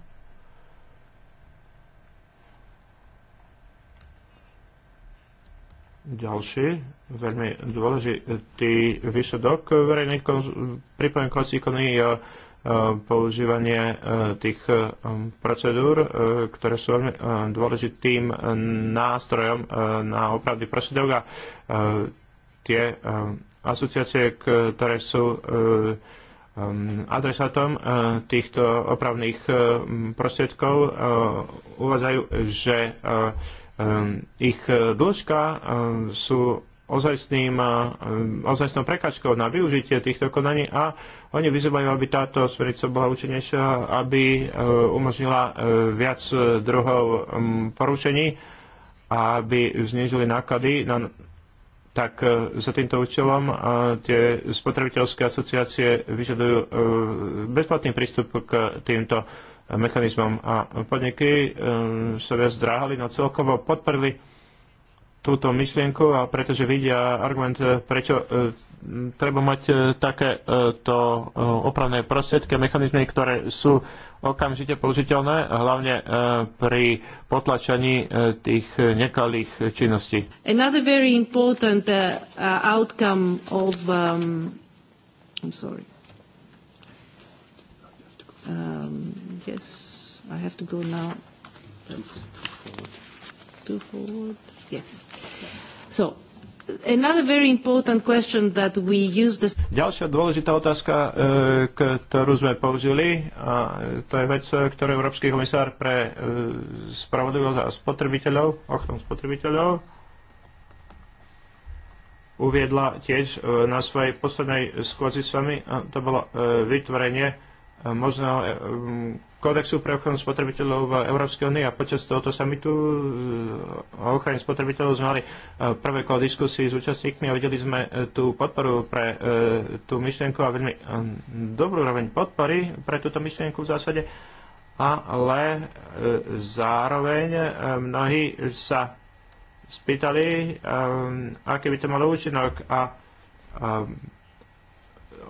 ďalší veľmi dôležitý výsledok verejnej pripomienkovacej ikony je e, používanie e, tých e, procedúr, ktoré sú veľmi dôležitým nástrojom na opravdy procedúr a tie asociácie, ktoré sú adresátom týchto opravných prostriedkov uvádzajú, že Ehm, ich e, dĺžka e, sú ozajstným, e, ozajstnou prekačkou na využitie týchto konaní a oni vyzývajú, aby táto smernica bola účinnejšia, aby umožnila viac druhov porušení a aby znížili náklady na tak za týmto účelom tie spotrebiteľské asociácie vyžadujú bezplatný prístup k týmto mechanizmom. A podniky e, sa viac zdráhali, no celkovo podporili túto myšlienku a pretože vidia argument, e, prečo e, treba mať takéto to opravné prostriedky a mechanizmy, ktoré sú okamžite použiteľné, hlavne pri potlačaní tých nekalých činností. Another very important uh, outcome of um, I'm sorry. Yes, I have to go now. Let's two forward. Yes. So, another very important question that we use this... Ďalšia dôležitá otázka, e, ktorú sme použili, a to je vec, e, ktorú Európsky komisár pre e, spravodlivosť a spotrebiteľov, ochranu spotrebiteľov, uviedla tiež na svojej poslednej skôdzi s vami, a to bolo vytvorenie E, možno e, mm, kódexu pre ochranu spotrebiteľov v Európskej únie a počas tohoto samitu e, o ochrane spotrebiteľov sme mali prvé kolo diskusie s účastníkmi a videli sme tú podporu pre tú myšlienku a veľmi dobrú roveň podpory pre túto myšlienku v zásade, ale zároveň mnohí sa spýtali, aký by to malo účinok a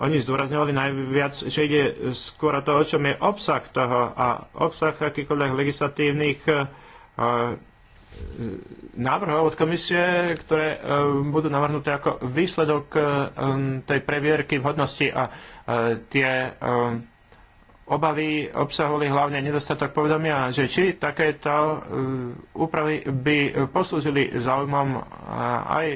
oni zdôrazňovali najviac, že ide skôr o to, o čom je obsah toho a obsah akýkoľvek legislatívnych e, e, návrhov od komisie, ktoré e, budú navrhnuté ako výsledok tej previerky vhodnosti a tie obavy obsahovali hlavne nedostatok povedomia, že či takéto úpravy by poslúžili záujmom aj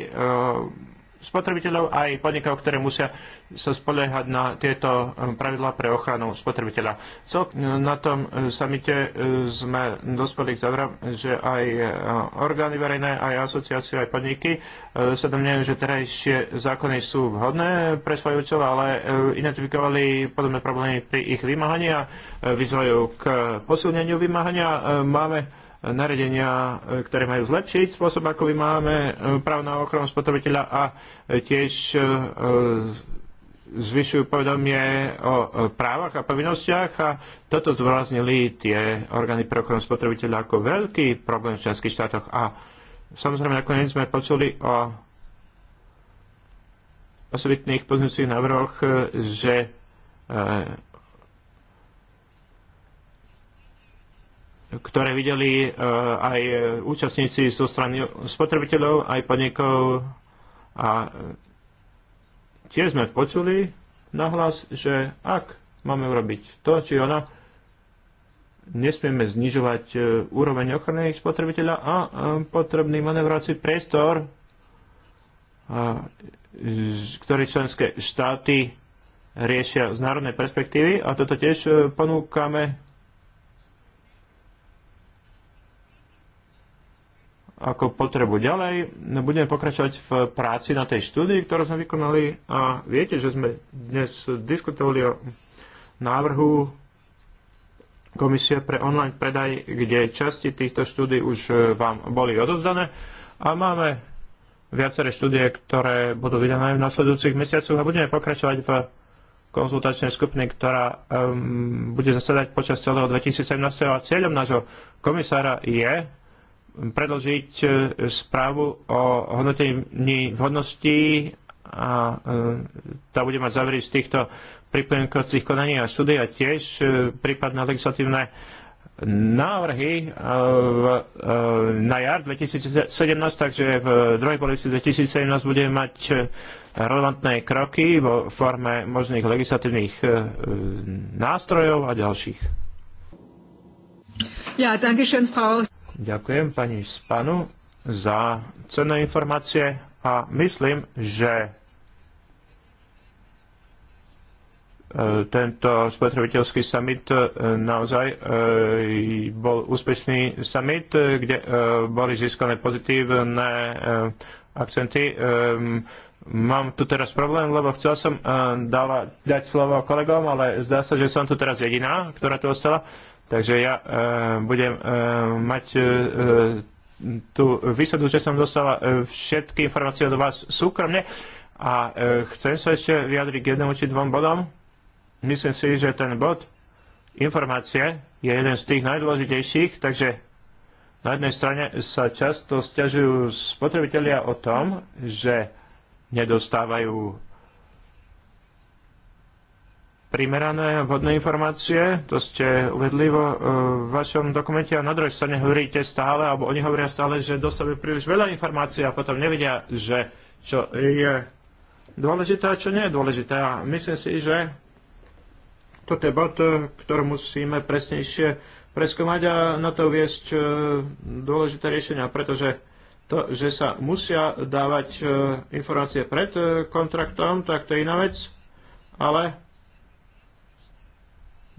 spotrebiteľov aj podnikov, ktoré musia sa spoliehať na tieto um, pravidlá pre ochranu spotrebiteľa. Cel um, na tom uh, samite uh, sme dospeli k záverom, že aj uh, orgány verejné, aj asociácie, aj podniky sa domnievajú, že terajšie zákony sú vhodné pre svoje účel, ale identifikovali podobné problémy pri ich vymáhaní a vyzvajú k posilneniu vymáhania. Máme nariadenia, e, ktoré majú zlepšiť spôsob, ako e, právo na ochranu spotrebiteľa a e, tiež zvyšujú povedomie o právach a povinnostiach a toto zvláznili tie orgány pre ochranu spotrebiteľa ako veľký problém v členských štátoch a samozrejme nakoniec sme počuli o osobitných pozíciách návrhoch, že ktoré videli e, aj e, účastníci zo strany spotrebiteľov, aj podnikov. A e, tiež sme počuli nahlas, že ak máme urobiť to, či ona, nesmieme znižovať úroveň ochrany spotrebiteľa a potrebný manevrovací priestor, ktorý členské štáty riešia z národnej perspektívy a toto tiež ponúkame ako potrebu. Ďalej budeme pokračovať v práci na tej štúdii, ktorú sme vykonali a viete, že sme dnes diskutovali o návrhu Komisie pre online predaj, kde časti týchto štúdí už e, vám boli odovzdané a máme viaceré štúdie, ktoré budú vydané v nasledujúcich mesiacoch a budeme pokračovať v konzultačnej skupiny, ktorá um, bude zasadať počas celého 2017. A cieľom nášho komisára je predložiť e, správu o hodnotení vhodnosti a e, tá bude mať závery z týchto pripomienkovacích konaní a štúdia a tiež e, prípadné legislatívne návrhy na jar 2017, takže v druhej polovici 2017 budeme mať relevantné kroky vo forme možných legislatívnych nástrojov a ďalších. Ja, danke schön, Frau. Ďakujem pani Spanu za cenné informácie a myslím, že e, tento spotrebiteľský summit e, naozaj e, bol úspešný summit, kde boli získané pozitívne akcenty. Mám tu teraz problém, lebo chcel som dala, dať slovo kolegom, ale zdá sa, že som tu teraz jediná, ktorá tu ostala. Takže ja e, budem e, mať e, e, tú výsadu, že som dostal e, všetky informácie od vás súkromne a e, chcem sa ešte vyjadriť k jednému či dvom bodom. Myslím si, že ten bod informácie je jeden z tých najdôležitejších, takže na jednej strane sa často stiažujú spotrebitelia o tom, že nedostávajú primerané vhodné informácie, to ste uvedli vo e, vašom dokumente a na druhej strane hovoríte stále, alebo oni hovoria stále, že dostávajú príliš veľa informácií a potom nevidia, že čo je dôležité a čo nie je dôležité. A myslím si, že toto je bod, ktorú musíme presnejšie preskúmať a na to viesť e, dôležité riešenia, pretože to, že sa musia dávať e, informácie pred e, kontraktom, tak to je iná vec, ale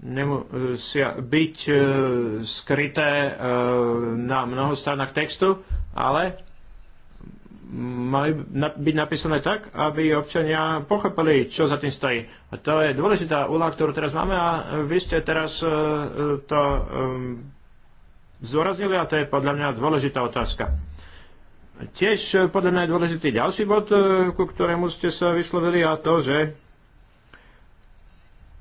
nemusia byť e, skryté e, na mnoho stranách textu, ale mali byť napísané tak, aby občania pochopili, čo za tým stojí. A to je dôležitá úloha, ktorú teraz máme a vy ste teraz e, to zdôraznili a to je podľa mňa dôležitá otázka. Tiež podľa mňa je dôležitý ďalší bod, ku ktorému ste sa vyslovili a to, že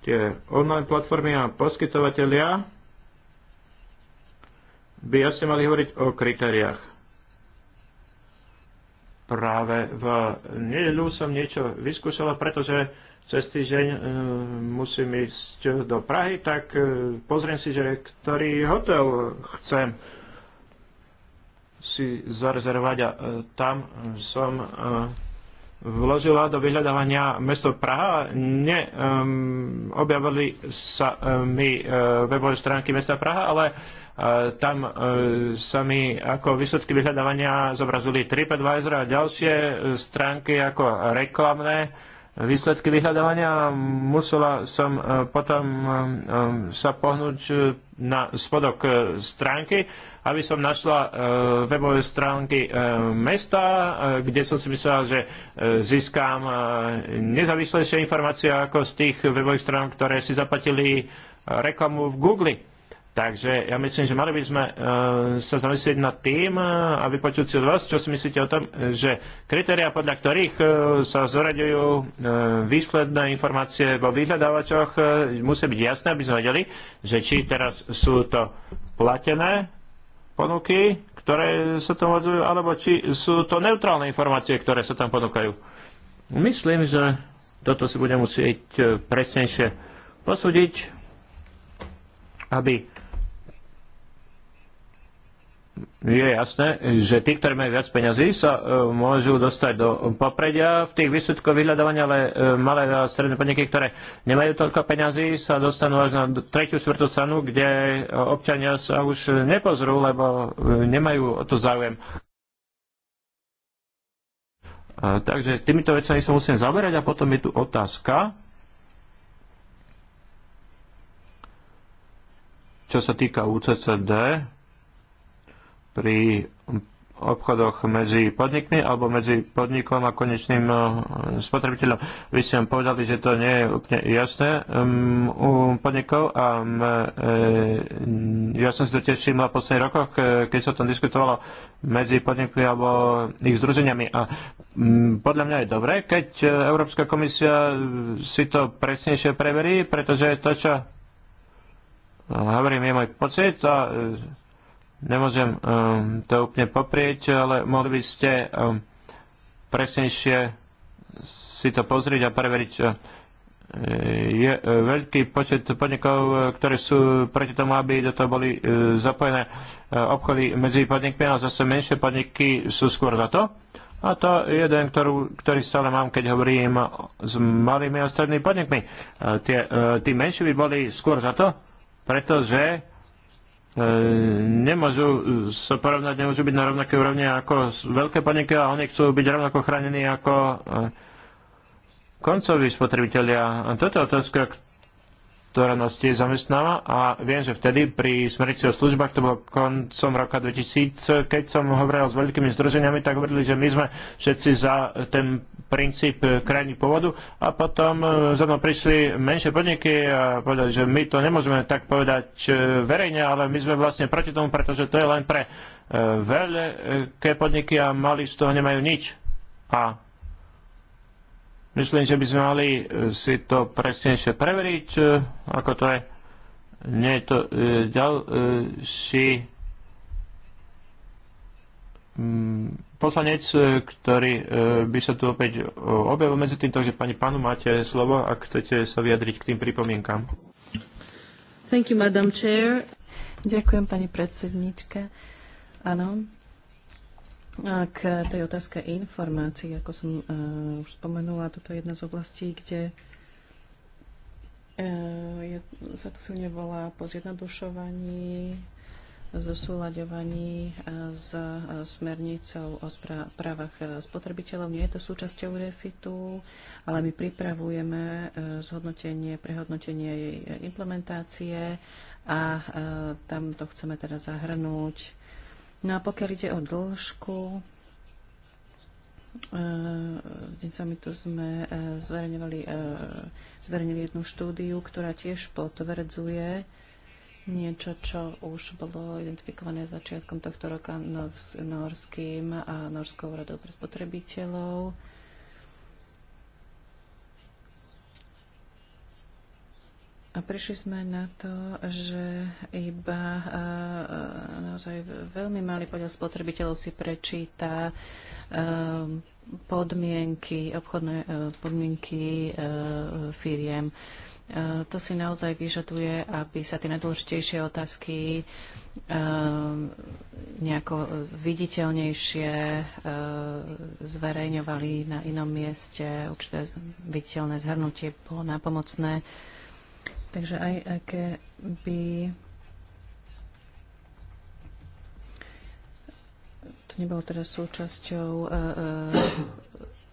tie online platformy a poskytovateľia by asi mali hovoriť o kritériách. Práve v nedelu som niečo vyskúšala, pretože cez týždeň e, musím ísť do Prahy, tak e, pozriem si, že ktorý hotel chcem si zarezervovať a e, tam som vložila do vyhľadávania mesto Praha. Ne, um, objavili sa um, mi uh, webové stránky mesta Praha, ale uh, tam uh, sa mi ako výsledky vyhľadávania zobrazili TripAdvisor a ďalšie e, stránky ako reklamné výsledky vyhľadávania. Musela som uh, potom um, sa pohnúť e, na spodok stránky aby som našla e, webové stránky e, mesta, e, kde som si myslela, že získam nezávislejšie informácie ako z tých webových strán, ktoré si zaplatili reklamu v Google. Takže ja myslím, že mali by sme e, sa zamyslieť nad tým e, a vypočuť si od vás, čo si myslíte o tom, že kritéria, podľa ktorých e, sa zoradujú e, výsledné informácie vo vyhľadávačoch, e, musí byť jasné, aby sme vedeli, že či teraz sú to platené ponuky, ktoré sa tam odzujú, alebo či sú to neutrálne informácie, ktoré sa tam ponúkajú. Myslím, že toto si budeme musieť eh, presnejšie posúdiť, aby je jasné, že tí, ktorí majú viac peňazí, sa e, môžu dostať do popredia v tých výsledkoch vyhľadávania, ale e, malé a stredné podniky, ktoré nemajú toľko peňazí, sa dostanú až na tretiu, štvrtú cenu, kde občania sa už nepozrú, lebo e, nemajú o to záujem. Takže týmito vecami sa musím zaberať a potom je tu otázka, čo sa týka UCCD, pri obchodoch medzi podnikmi alebo medzi podnikom a konečným eh, spotrebiteľom. Vy ste nám povedali, že to nie je úplne jasné mm, u podnikov a mm, eh, ja som si to tiež všimla v posledných rokoch, eh, keď sa o tom diskutovalo medzi podnikmi alebo ich združeniami. A mm, podľa mňa je dobré, keď Európska komisia si to presnejšie preverí, pretože to, čo hovorím, je môj pocit a Nemôžem um, to úplne poprieť, ale mohli by ste um, presnejšie si to pozrieť a preveriť. Uh, je uh, veľký počet podnikov, uh, ktoré sú proti tomu, aby do toho boli zapojené obchody medzi podnikmi a zase menšie podniky sú skôr za to. A to je jeden, ktorú, ktorý stále mám, keď hovorím s malými a strednými podnikmi. Tie, tí menšie by boli skôr za to, pretože E, nemôžu sa porovnať, nemôžu byť na rovnaké úrovni ako veľké podniky a oni chcú byť rovnako chránení ako e, koncoví spotrebitelia. A toto je otázka, ktorá nás tiež zamestnáva a viem, že vtedy pri smerici o službách, to bolo koncom roka 2000, keď som hovoril s veľkými združeniami, tak hovorili, že my sme všetci za ten princíp e, krajiny pôvodu a potom e, za mnou prišli menšie podniky a povedali, že my to nemôžeme tak povedať e, verejne, ale my sme vlastne proti tomu, pretože to je len pre veľké podniky a mali z toho nemajú nič. A myslím, že by sme mali si to presnejšie preveriť, ako to je. Nie je to ďalší mm, poslanec, e, ktorý e, by sa tu opäť e, objavil medzi tým, takže pani panu máte slovo, ak chcete sa vyjadriť k tým pripomienkám. Thank you, Madam Chair. Ďakujem, pani predsedníčka. Áno, k tej otázke informácií, ako som uh, už spomenula, toto je jedna z oblastí, kde uh, je, sa tu silne volá po zjednodušovaní zosúľaďovaní eh, s eh, smernicou o právach eh, spotrebiteľov. Nie je to súčasťou refitu, ale my pripravujeme zhodnotenie, prehodnotenie jej implementácie a tam to chceme teda zahrnúť. No a pokiaľ ide o dĺžku, deň tu sme zverejnili jednu štúdiu, ktorá tiež potvrdzuje, niečo, čo už bolo identifikované začiatkom tohto roka s norským a Norskou radou pre spotrebiteľov. A prišli sme na to, že iba naozaj veľmi malý podiel spotrebiteľov si prečíta podmienky, obchodné e, podmienky e, firiem. Eh, to si naozaj vyžaduje, aby sa tie najdôležitejšie otázky eh, nejako viditeľnejšie eh, zverejňovali na inom mieste. Určité viditeľné zhrnutie bolo nápomocné. Takže aj e by... to nebolo teda súčasťou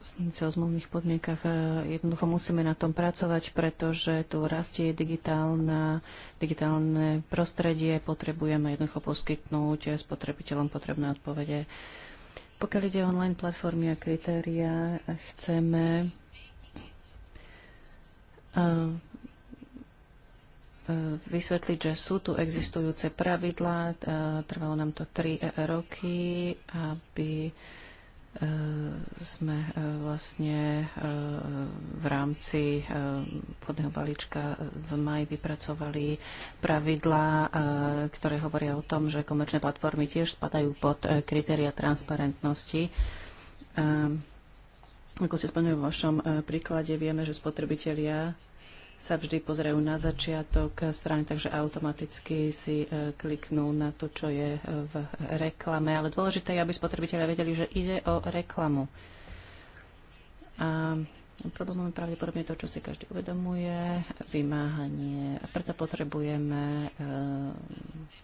smernice o zmluvných podmienkach. E, jednoducho musíme na tom pracovať, pretože tu rastie digitálna, digitálne prostredie, potrebujeme jednoducho poskytnúť spotrebiteľom potrebné odpovede. Pokiaľ ide o online platformy a kritéria, chceme e, e, vysvetliť, že sú tu existujúce pravidlá. Trvalo nám to 3 roky, aby E, sme e, vlastne e, v rámci podného balíčka v maji vypracovali pravidlá, ktoré hovoria o tom, že komerčné platformy tiež spadajú pod kritéria transparentnosti. Ako ste spomenuli v vašom príklade, vieme, že spotrebitelia sa vždy pozerajú na začiatok strany, takže automaticky si e, kliknú na to, čo je e, v reklame. Ale dôležité je, aby spotrebitelia vedeli, že ide o reklamu. A Problémom je pravdepodobne to, čo si každý uvedomuje, vymáhanie. A preto potrebujeme e,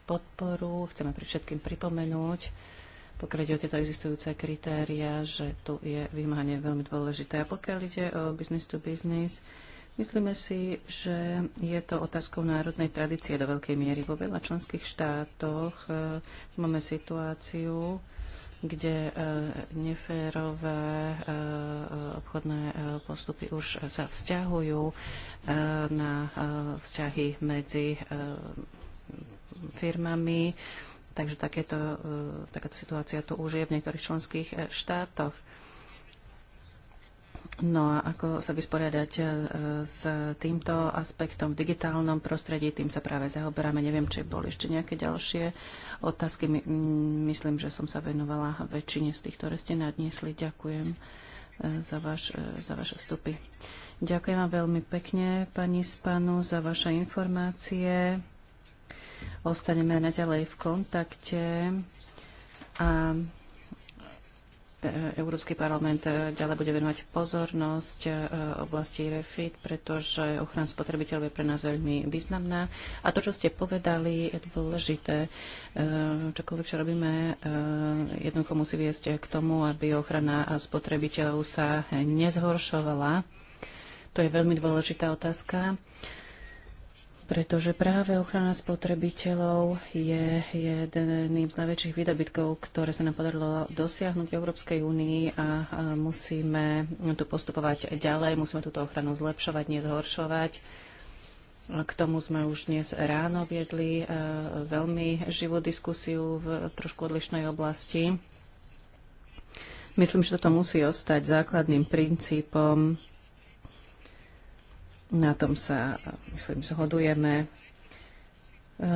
podporu, chceme pri všetkým pripomenúť, pokiaľ ide o tieto existujúce kritéria, že tu je vymáhanie veľmi dôležité. A pokiaľ ide o business to business, Myslíme si, že je to otázkou národnej tradície do veľkej miery. Vo veľa členských štátoch e, máme situáciu, kde e, neférové e, obchodné postupy už sa vzťahujú na vzťahy medzi firmami. Takže takéto, takáto situácia tu už je v niektorých členských štátoch. No a ako sa vysporiadať e, s týmto aspektom v digitálnom prostredí, tým sa práve zaoberáme. Neviem, či boli ešte nejaké ďalšie otázky. Myslím, že som sa venovala väčšine z tých, ktoré ste nadniesli. Ďakujem e, za, vaš, e, za vaše vstupy. Ďakujem vám veľmi pekne, pani Spanu, za vaše informácie. Ostaneme naďalej v kontakte. A E, Európsky parlament e, ďalej bude venovať pozornosť e, oblasti REFIT, pretože ochrana spotrebiteľov je pre nás veľmi významná. A to, čo ste povedali, je dôležité. Čokoľvek, čo robíme, jednoducho musí viesť k tomu, aby ochrana spotrebiteľov sa nezhoršovala. To je veľmi dôležitá otázka pretože práve ochrana spotrebiteľov je jedným z najväčších výdobytkov, ktoré sa nám podarilo dosiahnuť v Európskej únii a musíme tu postupovať ďalej, musíme túto ochranu zlepšovať, nezhoršovať. K tomu sme už dnes ráno viedli e, veľmi živú diskusiu v trošku odlišnej oblasti. Myslím, že toto musí ostať základným princípom na tom sa, myslím, zhodujeme. E,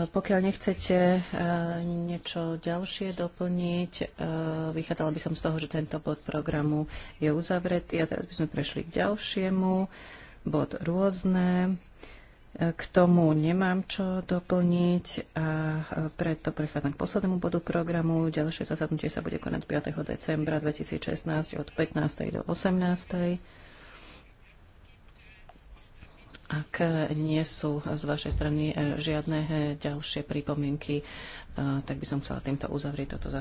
pokiaľ nechcete e, niečo ďalšie doplniť, e, vychádzala by som z toho, že tento bod programu je uzavretý a teraz by sme prešli k ďalšiemu. Bod rôzne. K tomu nemám čo doplniť a preto prechádzam k poslednému bodu programu. Ďalšie zasadnutie sa bude konať 5. decembra 2016 od 15. do 18. Ak nie sú z vašej strany eh, žiadne eh, ďalšie pripomienky, eh, tak by som chcela týmto uzavrieť toto